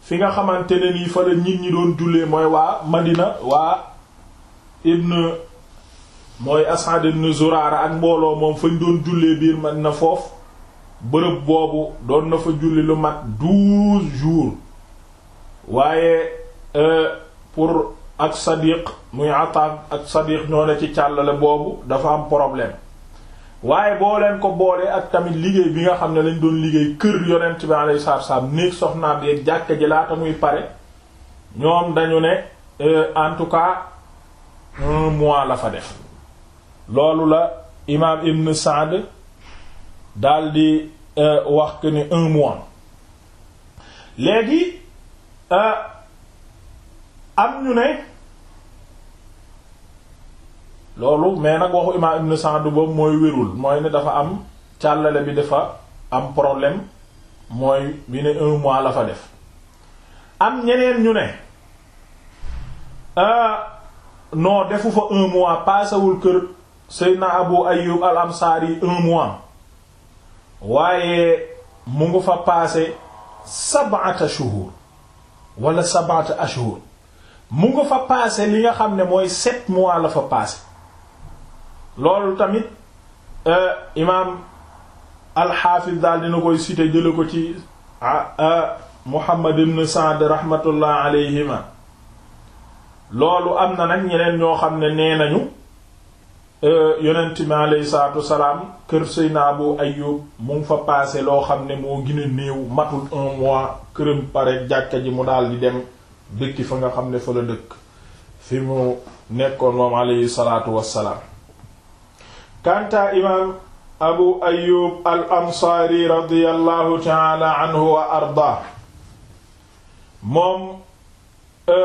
fi nga xamante ne nii fa la nit ñi doon jullee mooy waa Madina waa ibn mooy As'ad ibn ak mbooloo moom fañ doon jullee biir Madina foofu bërëb boobu doon na fa julli lu mat douze jours waaye euh, pour ak Sadiq muy Ata ak Sadiq ñoo ne ci càllale boobu dafa am problème waaye boo leen ko boolee ak tamit liggéey bi nga xam ne lañ doon liggéey kër yonent bi alayhi salaatu salaam néeg soxnaa bi ak jàkka ji laata muy pare ñoom dañu ne euh, en tout cas un mois la fa def loolu la imaam Ibn Sa'd di euh, wax que ne un mois léegi euh, am ñu ne loolu mais nag waxu imam ibn Sa'd boobu mooy wérul mooy ne dafa am càllale bi dafa am problème mooy bi ne un mois la fa def am ñeneen ñu ne ah, non defu fa un mois paasawul kër Seydina Abu Ayyub al Ansari un mois waaye mu ngi fa paase sab'ata shuhur wala sab'ata ashhur mu ngi fa paase li nga xam ne mooy sept mois la fa paase loolu tamit euh, imaam alxaafis daal dina koy cité jële ko ci Muhammad ibn Sa'd rahmatullah alayhima loolu am na nag ñeneen ñoo xam ne nee nañu euh, yonent mi alayhi salaatu wasalaam kër Seyna Abu Ayyub mu ngi fa paase loo xam ne moo gine a néew matul un mois këram pare jàkka ji mu daal di dem dëkki fa nga xam ne fa la dëkk fi mu nekkoon moom alayhi salaatu wasalaam kanta imaam abu ayub al ansaari radiallahu taala anhu wa arda moom e,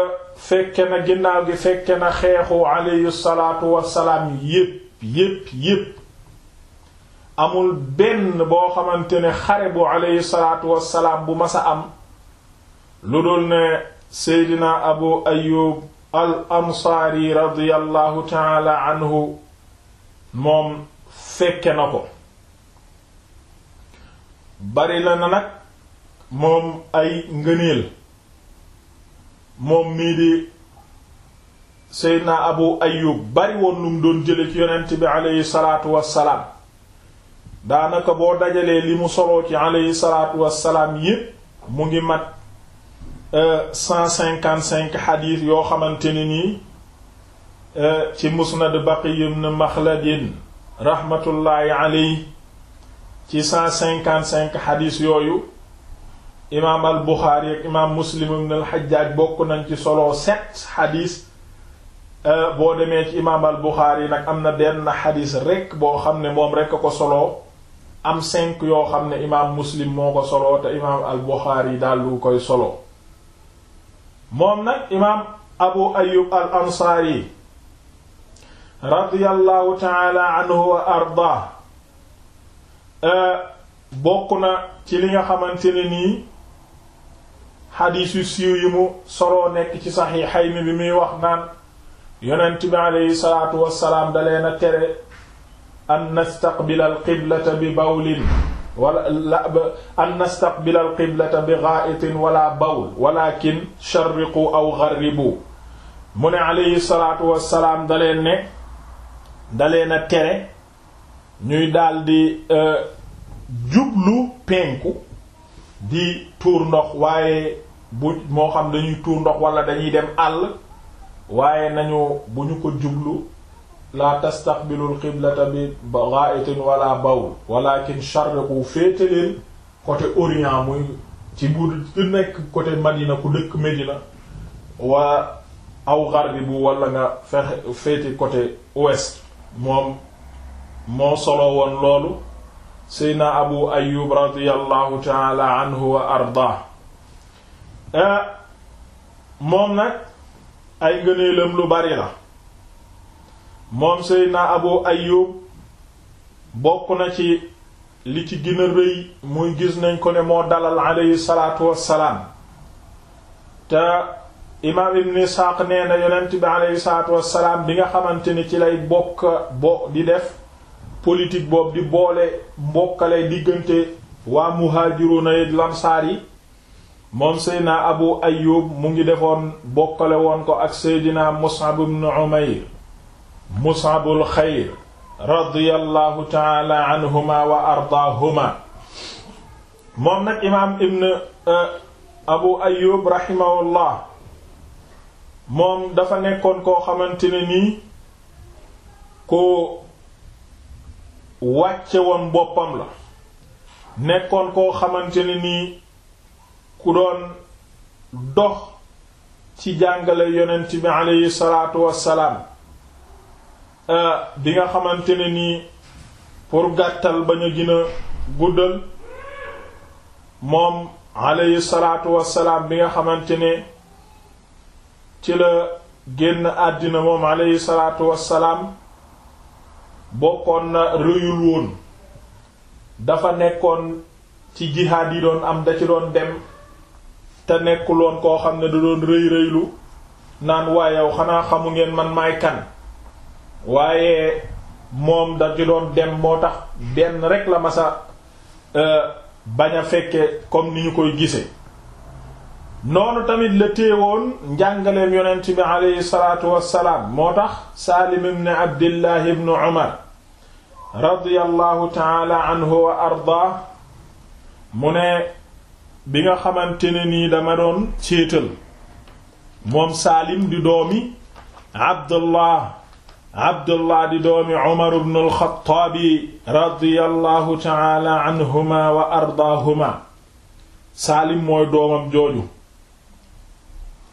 fekke na ginnaaw gi fekke na xeexu aleyhi salaatu wasalaam yépp yépp yépp amul benn boo ne xare bu aleyhi salaatu salaam bu masa am lu dul seydina abu ayub al ansaari radiallahu taala anhu moom fekke na ko bari la na nag moom ay ngëneel moom mii di seydna abu ayub bari woon lum doon jële ci yonent bi aleyhi salaatu wassalaam daanaka boo dajalee li mu soloo ci aleyhi salaatu wassalaam yépp mu ngi mat euh, cent cinquante cinq xadiis yoo xamante ni nii Euh, ci musnad Baqiy ibn Makhlad rahmatullaahi alayhi ci cent cinquante cinq xadiis yooyu imaam al Buxaari ak imaam Muslim ibn al Hajjaaj bokk nañ ci solo sept xadiis euh, boo demee ci imaam al Buxaari nag am na benn xadiis rekk boo xam ne moom rek a ko solo am cinq yoo xam ne imaam Muslim moo ko solo te imaam al Buxaari daal lu koy solo moom nag imaam Abu Ayyub al Ansaari radiyallahu taala anhu wa arda eh, bokk na ci li nga xamante ne nii xadiis yu siiw yi mu soloo nekk ci saxiixayni bi muy wax naan yonent bi aleyhi salaatu wassalaam daleena tere an nastaqbila alqiblata bi bawlin wala la an nastaqbila alqiblata bi gaa'itin wala bawl walakin sharriqu aw gharribu mu ne aleyhi salaatu wassalaam daleen ne dalee na tere ñuy daldi euh, jublu penku di tuur ndox waaye bu moo xam dañuy tuur ndox wala dañuy dem àll waaye nañu bu ñu ko jublu la tastaqbilul qiblata bi ghaitin wala bawl walakin sharqu féete leen côté orient muy ci bu nekk côté Madina ku dëkk Medina waa aw gharbi bu nga fexe féete côté ouest moom moo solo woon loolu seydna abu ayub radiallahu taala anhu wa arda eh, moom nag ay ngëneelam lu bari la moom seydna abu ayub bokk na ci li ci gën a muy gis nañ ko ne moo dalal aleyhi salaatu wassalaam te imaam ibn Isxaaq nee na yonent bi aleyhi salaatu wassalaam bi nga xamante ni ci lay bokk bo di def politique boobu di boole mbokkale diggante waa muhaajiruuna yi lansaar yi moom seydina Abu Ayyub mu ngi defoon bokkale woon ko ak seydina Mus'ab ibn Umayr Mus'abul xayr radiyallahu taala anhuma wa ardaahuma moom nag imaam ibn eh, Abu Ayyub rahimahullah moom dafa nekkoon koo xamante ne nii ko wàcce woon boppam la nekkoon koo xamante ne nii ku doon dox ci jàngale yonent bi aleyhi salaatu wassalaam euh, bi nga xamante ne nii pour gàttal bañ a gën a guddal moom aleyhi salaatu wassalaam bi nga xamante ne ci la génn àddina moom aleyhi salaatu wassalaam bokkoon na rëyul woon dafa nekkoon ci jihaad yi doon am da ci doon dem te nekkuloon koo xam ne da doon rëy rëylu naan waaye yow xanaa xamu ngeen man maay kan waaye moom da ci doon dem moo tax benn rekk la masa euh, bañ a fekke comme ni ñu koy gise noonu tamit la téewoon njàngaleem yonent bi aleyhi salaatu wassalaam moo tax saalim ibn abdillahi ibn umar radiyallahu taala anhu wa arda mu ne bi nga xamante ne nii dama doon céetal moom saalim di doomi abdullah di doomi umar ibn alxataabi radiyallahu taala anhuma wa ardaahuma saalim mooy doomam jooju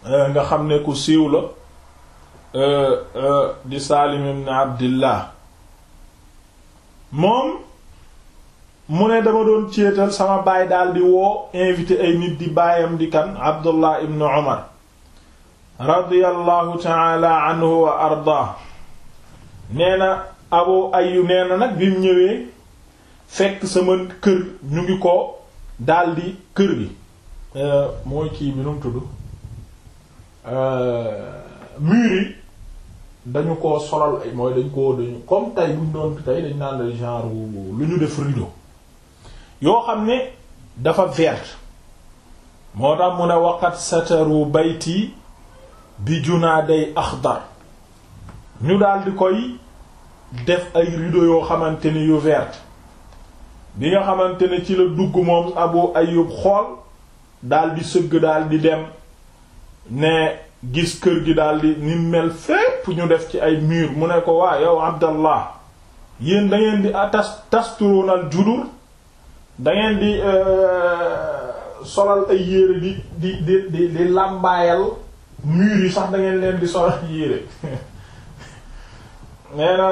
Euh, nga xam ne ku siiw la euh, euh, di Saalim ibn Abdillah moom mu ne dama doon céetal sama baay daal di woo invité ay nit di baayam di kan Abdullah ibn Umar radiyallahu taala anhu wa arda nee na Abu Ayyub nee na nag bi mu ñëwee fekk sama kër ñu ngi ko daldi kër gi mooy kii bi nu mu tudd Euh, murs yi dañu ko solal ay mooy dañ koo dañu comme tey buñ doon tey dañ naan la genre lu ñu def rideau yoo xam ne dafa vert moo tax mu ne waqat sataru bayti bi day axdar ñu daal di koy def ay rideau yoo xamante ni yu vert bi nga xamante ne ci la dugg moom Abu Ayyub xool daal di sëgg daal di dem ne gis kër gi daldi ni mel fépp ñu def ci ay mur mu ne ko waa yow abdallah yéen dangeen di tas tasturonal judur da ngeen di euh, solal ay yére di di di di làmbaayal mur yi sax dangeen leen di solal yére nee na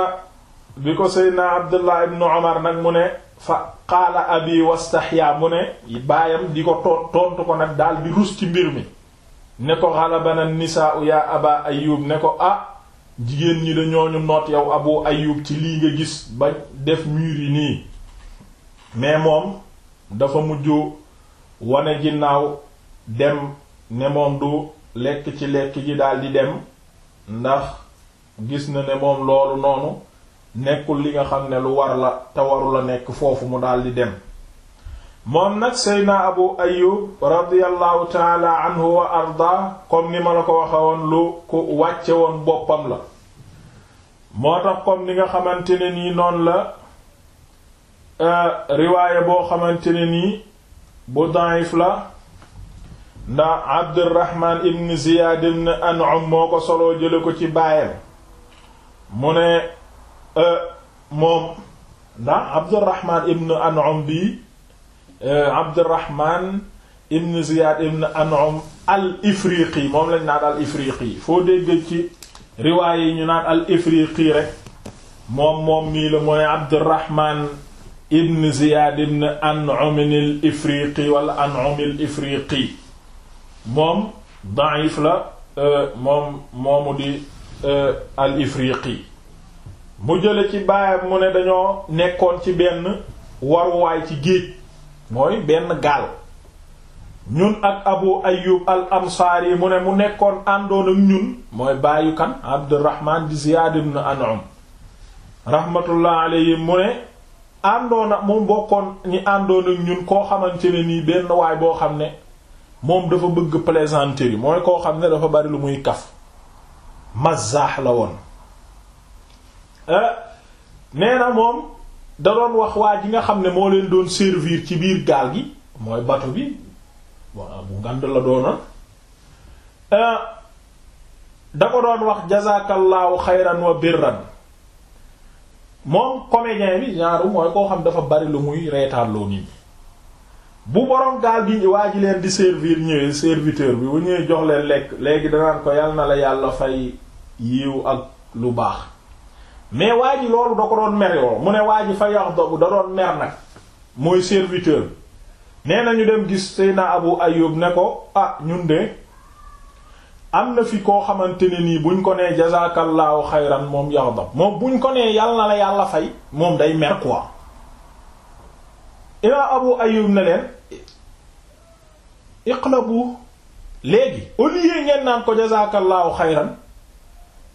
bi ko seydna abdullah ibnu omar nag mu ne fa qaala abi wastaxya mu ne baayam di ko toon tontu ko nag daal di rus ci mbir mi ne ko xalabana nisaau yaa aba ayub ne ko ah jigéen ñi dañoo ñu noot yow abu ayub ci lii nga gis ba def mur yi nii mais moom dafa mujj wane ginnaaw dem ne moom du lekk ci lekk gi daldi dem ndax gis na ne moom loolu noonu nekkul li nga xam ne lu war la te waru la nekk foofu mu daldi dem moom nag seydna abu ayub radiallahu taala anhu wa arda comme ni ma la ko waxewoon lu ku wàcce woon boppam la moo tax comme ni nga xamante ne nii noonu la euh, riwaaya boo xamante ne nii bu daif la ndax abdurrahman ibn ziyad ibn an'am moo ko soloo jële ci baayam mu ne euh, moom ndax abdurrahman ibn an'am bi Euh, Abdurrahman ibn Ziyad ibn An'am al-Ifriqi moom lañ naan al-Ifriqi foo dégg ci riwaay yi ñu naan al-Ifriqi rek moom moom nii la mooy Abdurrahman ibn Ziyad ibn An'am al-Ifriqi wala ifriqi moom da'if la euh, moom moomu di euh, al-Ifriqi mu jële ci baayam mu ne dañoo nekkoon ci benn waruwaay ci géej mooy benn gaal ñun ak abu ayyub al ansaari mu ne mu nekkoon àndoon ak ñun mooy bàyyi kan abdurrahman di ziyaad ibn an'am rahmatullah alayhi mu ne àndoon ak mu bokkoon ñi àndoon ak ñun koo xamante ne nii benn waay boo xam ne moom dafa bëgg yi mooy koo xam ne dafa bari lu muy kaf mazaax la woon eh, nee na moom da doon wax waa ji nga xam ne moo leen doon servir ci biir gaal gi mooy bato bi waaw bu ngand la doon euh, da ko doon wax jazakallaahu xayran wa birran moom comédien bi genre mooy koo xam dafa bari lu muy reetaanloo nit ñi bu borom gaal gi waa ji leen di servir ñëwee serviteur bi wu ñëwee jox leen lekk léegi danaan ko yàlla na la yàlla fay yiw ak lu baax mais waa ji loolu da ko doon mer yoo mu ne waa ji fa yax dogu da doon mer nag mooy serviteur nee na ñu dem gis Seydina Abu Ayyub ne ko ah ñun de am na fi koo xamante ne nii buñ ko nee jazaakallaahu xayran moom yax dog moom buñ ko nee yàlla na la yàlla fay moom day mer quoi ila Abu Ayyub ne leen iqlabu léegi au lieu ngeen naan ko jazaakallaahu xayran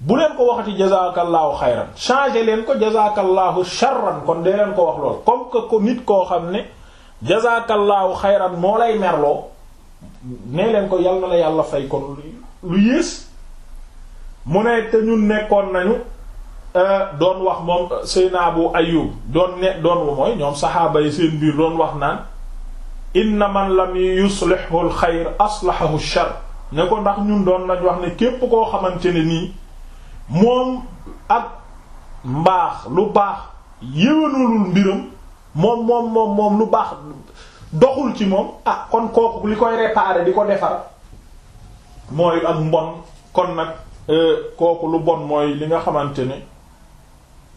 bu leen ko waxati jazaakallaahu xayran changé leen ko jazaakallaahu sharran kon dee leen ko wax lool comme que ko nit koo xam ne jazaakallaahu xayran moo lay merloo nee leen ko yal na la yàlla fay kon lu yées mu ne te ñun nekkoon nañu euh, doon wax moom Seyna Abu Ayyub doon ne doon mooy ñoom saxaaba yi seen biir doon wax naan inna man lam yuslihu al xayr aslahahu shar ne ko ndax ñun doon nañ wax ne képp koo xamante ne nii moom ak mbaax lu baax yéwénulul mbiram moom moom moom moom lu baax doxul ci moom ah kon kooku li koy réparer di ko defar mooy ak mbon kon nag euh, kooku lu bon mooy li nga xamante ne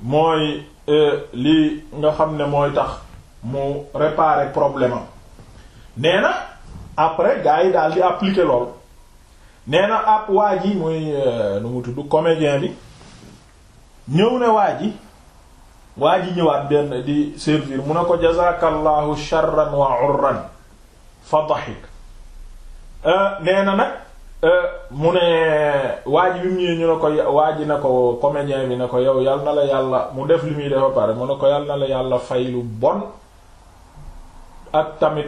mooy euh, li nga xam ne mooy tax mu réparer problème am nee na après gars yi daal di appliquer lool nee na ab waa ji muy euh, nu mu tudd comédien bi ñëw ne waa ji waa ji ñëwaat benn di servir mu ne ko jazakallahu sharran wa urran fa daxik euh, nee na nag euh, mu ne waa ji bi mu ñëwee ñu ne ko waa na ko comédien bi ne ko yow yal na la yàlla mu def li muy def ba pare mu ne ko yàlla na la yàlla fay lu bon ak tamit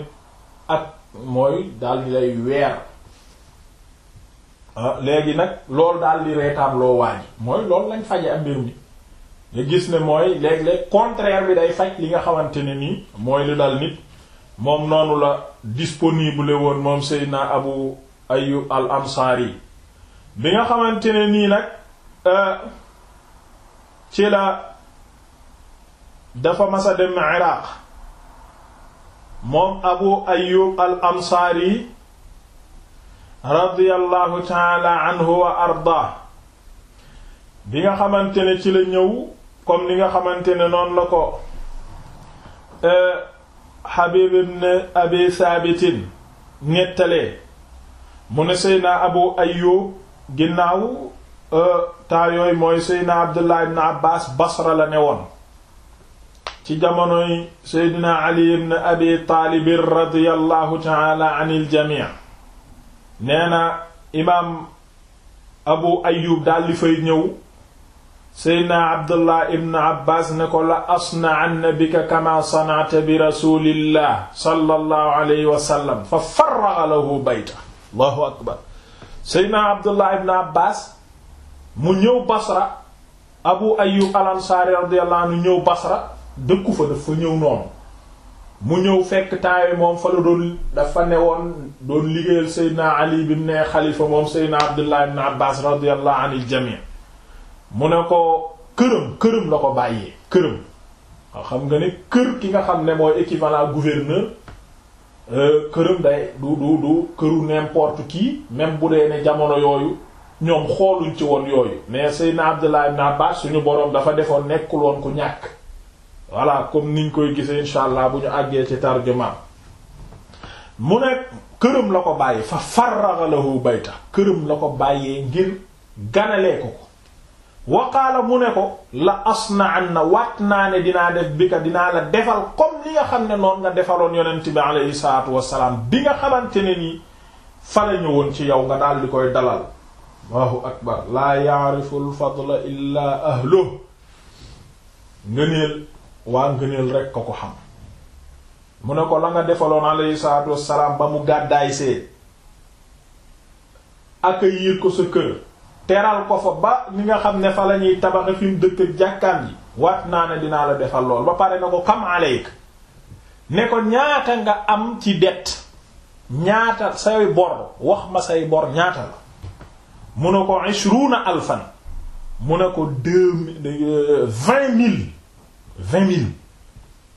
ak mooy daal di lay weer Ah, léegi nag loolu daal di reetaan loo waaj mooy loolu lañ faje am mbir mi nga gis ne mooy léeg-léeg contraire bi day faj li nga xamante ne nii mooy lu dal nit moom noonu la disponible woon moom Seydina Abu Ayyub al Ansari bi nga xamante ne nii nag eh, ci la dafa masa dem Iraq moom Abu Ayyub al Ansari radiyallahu taala wa arda bi nga xamante ne ci la ñëw comme ni nga xamante ne noonu la ko e, Habib ibn Abi Saabitin nettalee mu ne Seydina Abu Ayyub ginnaaw e, temps yooyu mooy Seydina Abdullah ibn Abbas Basra la ne woon ci jamonoy Seydina Ali ibn Abi Taalib radiyallahu taala anil jamii nee na imaam abu ayub daldi fay ñëw seydna abdullah ibn abbas ne ko la asna'anna bika kama sana'ta bi rasulillah sallallahu alayhi wa sallam fa farraga lahu bayta allahu akbar seydna abdullah ibn abbas mu ñëw basra abu ayub al ansari radiyallahu anhu ñëw basra dëkku fa dafa ñëw noonu mu ñëw fekk temps moom fa la doon dafa newoon doon liggéeyal Seydina Ali bi mu xalifa moom Seydina Abdullah ibn Abbas radiyallahu anil jami mu ne ko këram këram la ko bàyyee këram xam nga ne kër ki nga xam ne mooy équivalent gouverneur euh, këram day du du du këru n'importe même bu dee ne jamono yooyu ñoom xooluñ ci woon yooyu mais Seydina Abdullah ibn Abbas suñu boroom dafa defoon nekkul woon ku ñàkk voilà comme niñ koy gise insha allah bu ñu àggee ci tarjumaa mu ne këram la ko bàyyi fa farraga lahu bayta këram la ko bàyyee ngir ganalee ko ko mu ne ko la asna'anna waat naa ne dinaa def bi ka dinaa la defal comme li nga xam ne noonu nga defaloon yonent bi aleyhi salaatu wasalaam bi nga xamante ne nii fa la ñëwoon ci yow nga daal di koy dalal Allahu akbar laa ya'rifu al-fadla illaa ahluhu ngëneel waa ngëneel rek ko ko xam mu ne ko la nga defaloon alayhi salaatu wassalaam ba mu gàddaay see accueillir ko sa kër teral ko fa ba ni nga xam ne fa la ñuy tabaxe fi dëkk jàkkaan ji waat naa ne dinaa la defal lool ba pare na ko kam aleyk ne ko ñaata nga am ci det ñaata say bor wax ma say bor ñaata la mu ne ko ishruna alfan mu ne ko deux euh, vingt mille vingt mille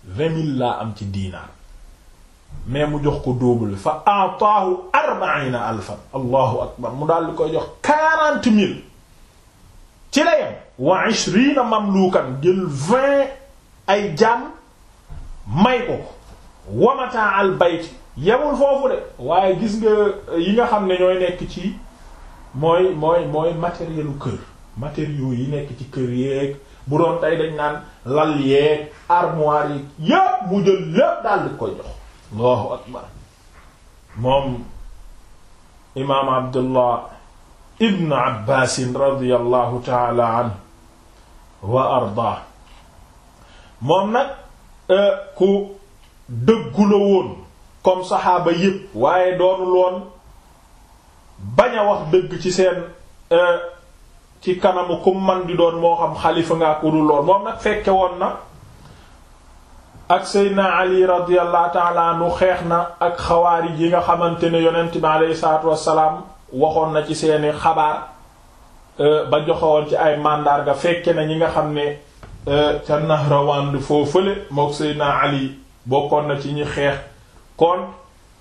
vingt mille laa am ci diinaar mais mu jox ko double fa ataahu arbaina alfan allahu akbar mu daal di koy jox quarante mille ci la yem wa ishrina mamlukan jël vingt ay jaam may ko wa mataa al yemul foofu de waaye gis nga yi nga xam ne ñooy nekk ci mooy mooy mooy matérielu kër matériaux yi nekk ci kër yeeg bu doon tey dañ naan lal yeeg armoire yi yépp mu jël lépp daal di koy jox allahu akbar moom imaam abdullah ibn abbasin radiallahu taala anhu wa arda moom nag e, ku dëggu la woon comme saxaaba yépp waaye doonul woon bañ wax dëgg ci seen e, ci kanamu ku man di doon moo xam xalifa ngaa ko dul lool moom nag fekke woon na ak na Ali radiyallahu ta'ala xeex na ak xawaari yi nga xamante ne yonent bi aleyhi salaatu wassalaam waxoon na ci seeni xabaar euh, ba joxewoon ci ay màndarga fekke na ñi nga xam ne euh, ca Nahrawand foofale mook Seydina Ali bokkoon na ci ñi xeex kon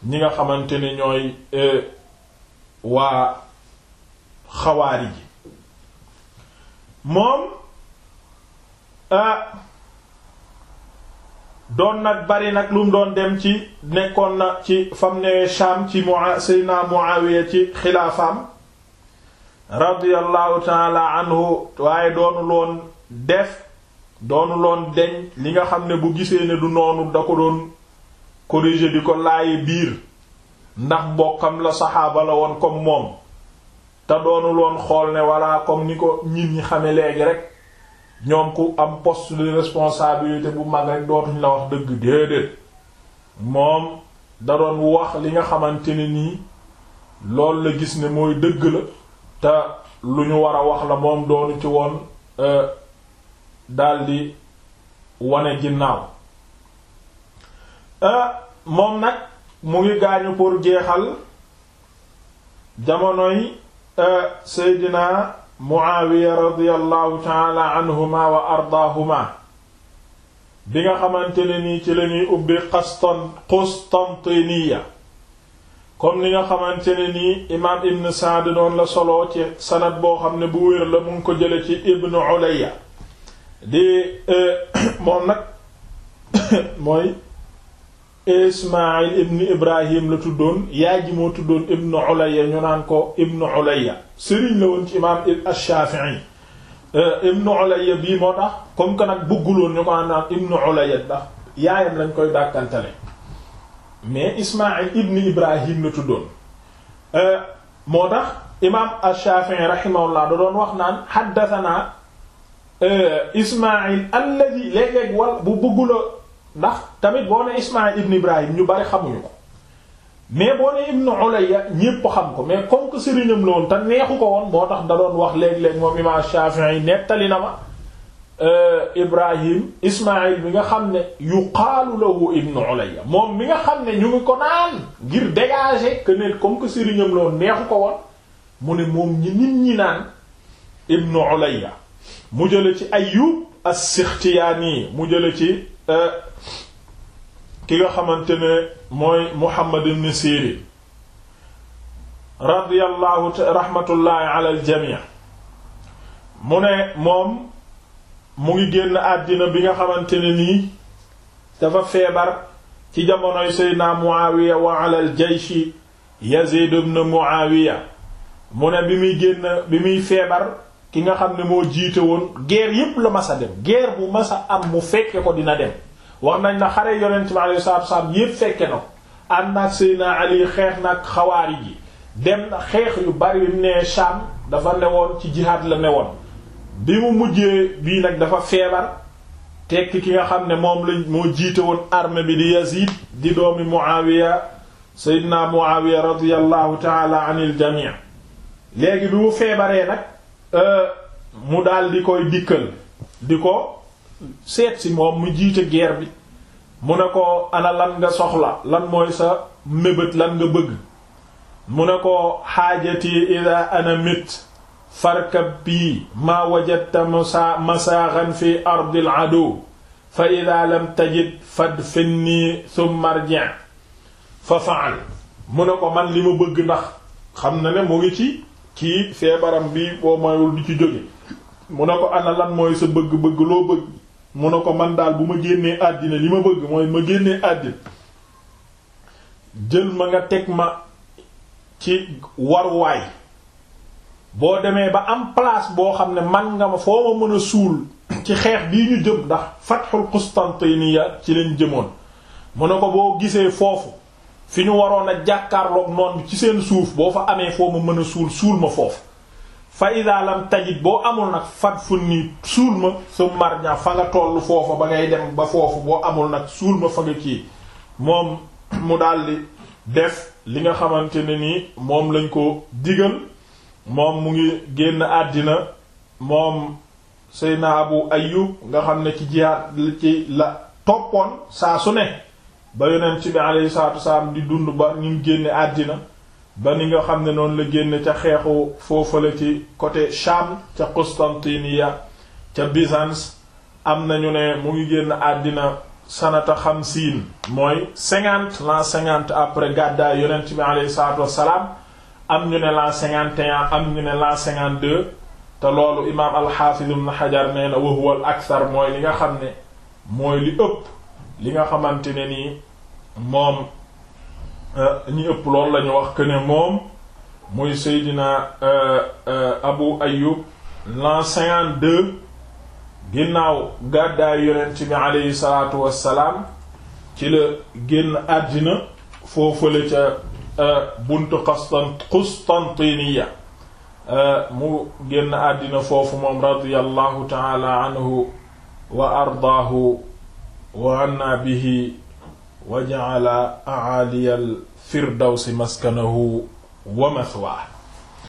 ñi nga xamante ne ñooy euh, waa xawaarij yi moom doon nag bari nag lu mu doon dem ci nekkoon na ci fam newee Sham ci mua Seydina Muawiya ci xilaafaam radiyallahu taala anhu waaye doonu loon def doonu loon deñ li nga xam ne bu gisee ne du noonu da ko doon corriger di ko laaye biir ndax mbokkam la saxaaba la woon comme moom te doonul woon xool ne walla comme ni ko nit ñi xame léegi rek ñoom ku am poste de responsabilité bu mag rek dootuñ la wax dëgg déedéet moom da doon wax li nga xamante ne nii loolu la gis ne mooy dëgg la te lu ñu war a wax la moom doonu ci woon euh, daldi wane ginnaaw euh, moom nag mu ngi gaañu pour jeexal jamono yi seydina muawiya radiallahu taala anhuma wa ardaahuma bi nga xamante ne nii ci lañuy ubbi qastan qustantiniya comme ni nga xamante nii imaam ibn saad noonu la solo ci sanad boo xam ne bu wér la mu ngi ko jële ci ibn ulayya di euh, moom nag mooy Ismaayil ibn Ibrahim la tuddoon yaay moo tuddoon ibn Ulayya ñu naan ko ibn Ulayya euh, yaayam lañ koy dàkkantale mais Ismaayil ibn Ibrahim la tuddoon euh, moo tax imaam Ash-Shafi'i rahimahullah da doon wax naan haddathanaa euh, Ismaayil alladhi léeg-léeg wal bu bëggula ndax tamit boo ne Ismaïl ibn Ibrahim ñu bari xamuñu ko mais boo ne Ibn Ulayya ñépp xam ko mais comme que sëriñam la woon te neexu ko woon moo tax da doon wax léeg-léeg moom imam Shafi'i nettali na ma euh, Ibrahim Ismaïl mi nga xam ne yuqaalu lahu Ibn moom mi nga xam ne ñu ko naan ngir dégager que comme que sëriñam la woon ko woon mu ne moom ñi nit ñi naan Ibn Ulayya mu jële ci Ayyub as-Sikhtiyani mu jële ci ki nga xamante ne mooy Muhammad ibn Sirin radiyallahu rahmatullahi ala aljamii mu ne moom mu ngi génn àddina bi nga xamante ne nii dafa feebar ci jamonoy Seydina Muawiya wa ala aljayshi Yazid ibn Muawiya mu ne bi muy génn bi muy feebar ki nga xam ne moo jiite woon guerre yépp la mas a dem guerre bu masa a am mu fekke ko dina dem wax nañ na xare yonent bi alayhi salaatu salaam yépp fekke na ko ànd naag Seydina Ali xeex nag xawaari ji dem xeex yu bari ne Sham dafa newoon ci jihaad la newoon bi mu mujjee bii nag dafa feebar tekki ki nga xam ne moom la moo jiite woon armée bi di Yazid di doomi Muawiya Seydina Muawiya radiyallahu taala anil jamii léegi bi mu feebaree nag mu daal di koy dikkal di ko seet si moom mu jiite guerre bi mu ne ko ana lan nga soxla lan mooy sa mébét lan nga bëgg mu ne ko xaajati ida ana mit farkab bii maa wajadta masaaxan fi ardil adu fa ida lam tajid fadfinni thumma arji' fa fa'al mu ne ko man li ma bëgg ndax xam na ne mu ngi ci ci feebaram bi boo mayul di ci jóge mu ne ko ana lan mooy sa bëgg-bëgg loo bëgg mu ne ko man daal bu ma génnee àddina li ma bëgg mooy ma génnee àddina jël ma nga teg ma ci waruwaay boo demee ba am place boo xam ne man nga ma foo ma mën a suul ci xeex bii ñu jëm ndax fatxul Qustantiniya ci leen jëmoon mu ne ko boo gisee foofu fi ñu waroon a jàkkaarloog noon bi ci seen suuf boo fa amee foo ma mën a suul suul ma foofu fa ida tajit boo amul nag fat fun nii suul ma sa marña fa nga toll foofa ba ngay dem ba foofu boo amul nag suul ma fa nga kii moom mu daldi def li nga xamante ne nii moom lañ ko digal moom mu ngi génn àddina moom Seydina Abu Ayyub nga xam ne ci jihaad ci la toppoon saa su ne ba yonent bi alayhi salaatu wasalaam di dund ba ni mu génne àddina ba ni nga xam ne noonu la génne ca xeexu foofu la ci côté Cham ca Constantinople ca Byzance am nañu ne mu ngi génn àddina sanata xamsiin mooy cinquante l'an cinquante après gàddaay yonent bi alayhi salaatu wasalaam am ñu ne l'an cinquante et am ñu ne la cinquante-deux te loolu imaam al-Hafiz ibn Hajar nee na wa huwa mooy li nga xam ne mooy li ëpp li nga xamante ne ni moom eh, ñi ëpp lool lañu wax que ne moom muy Seydina eh, eh, Abu Ayyub l'an cinquante ginnaaw gàddaay ci bi aleyhi salaatu wassalaam ci la génn àddina foofale ca buntu Qustan mu génn àddina foofu moom radiyallahu taala anhu wa ardaahu wa anna bihi wa ja'ala a'aliyal firdawsi maskanahu wa mathwaahu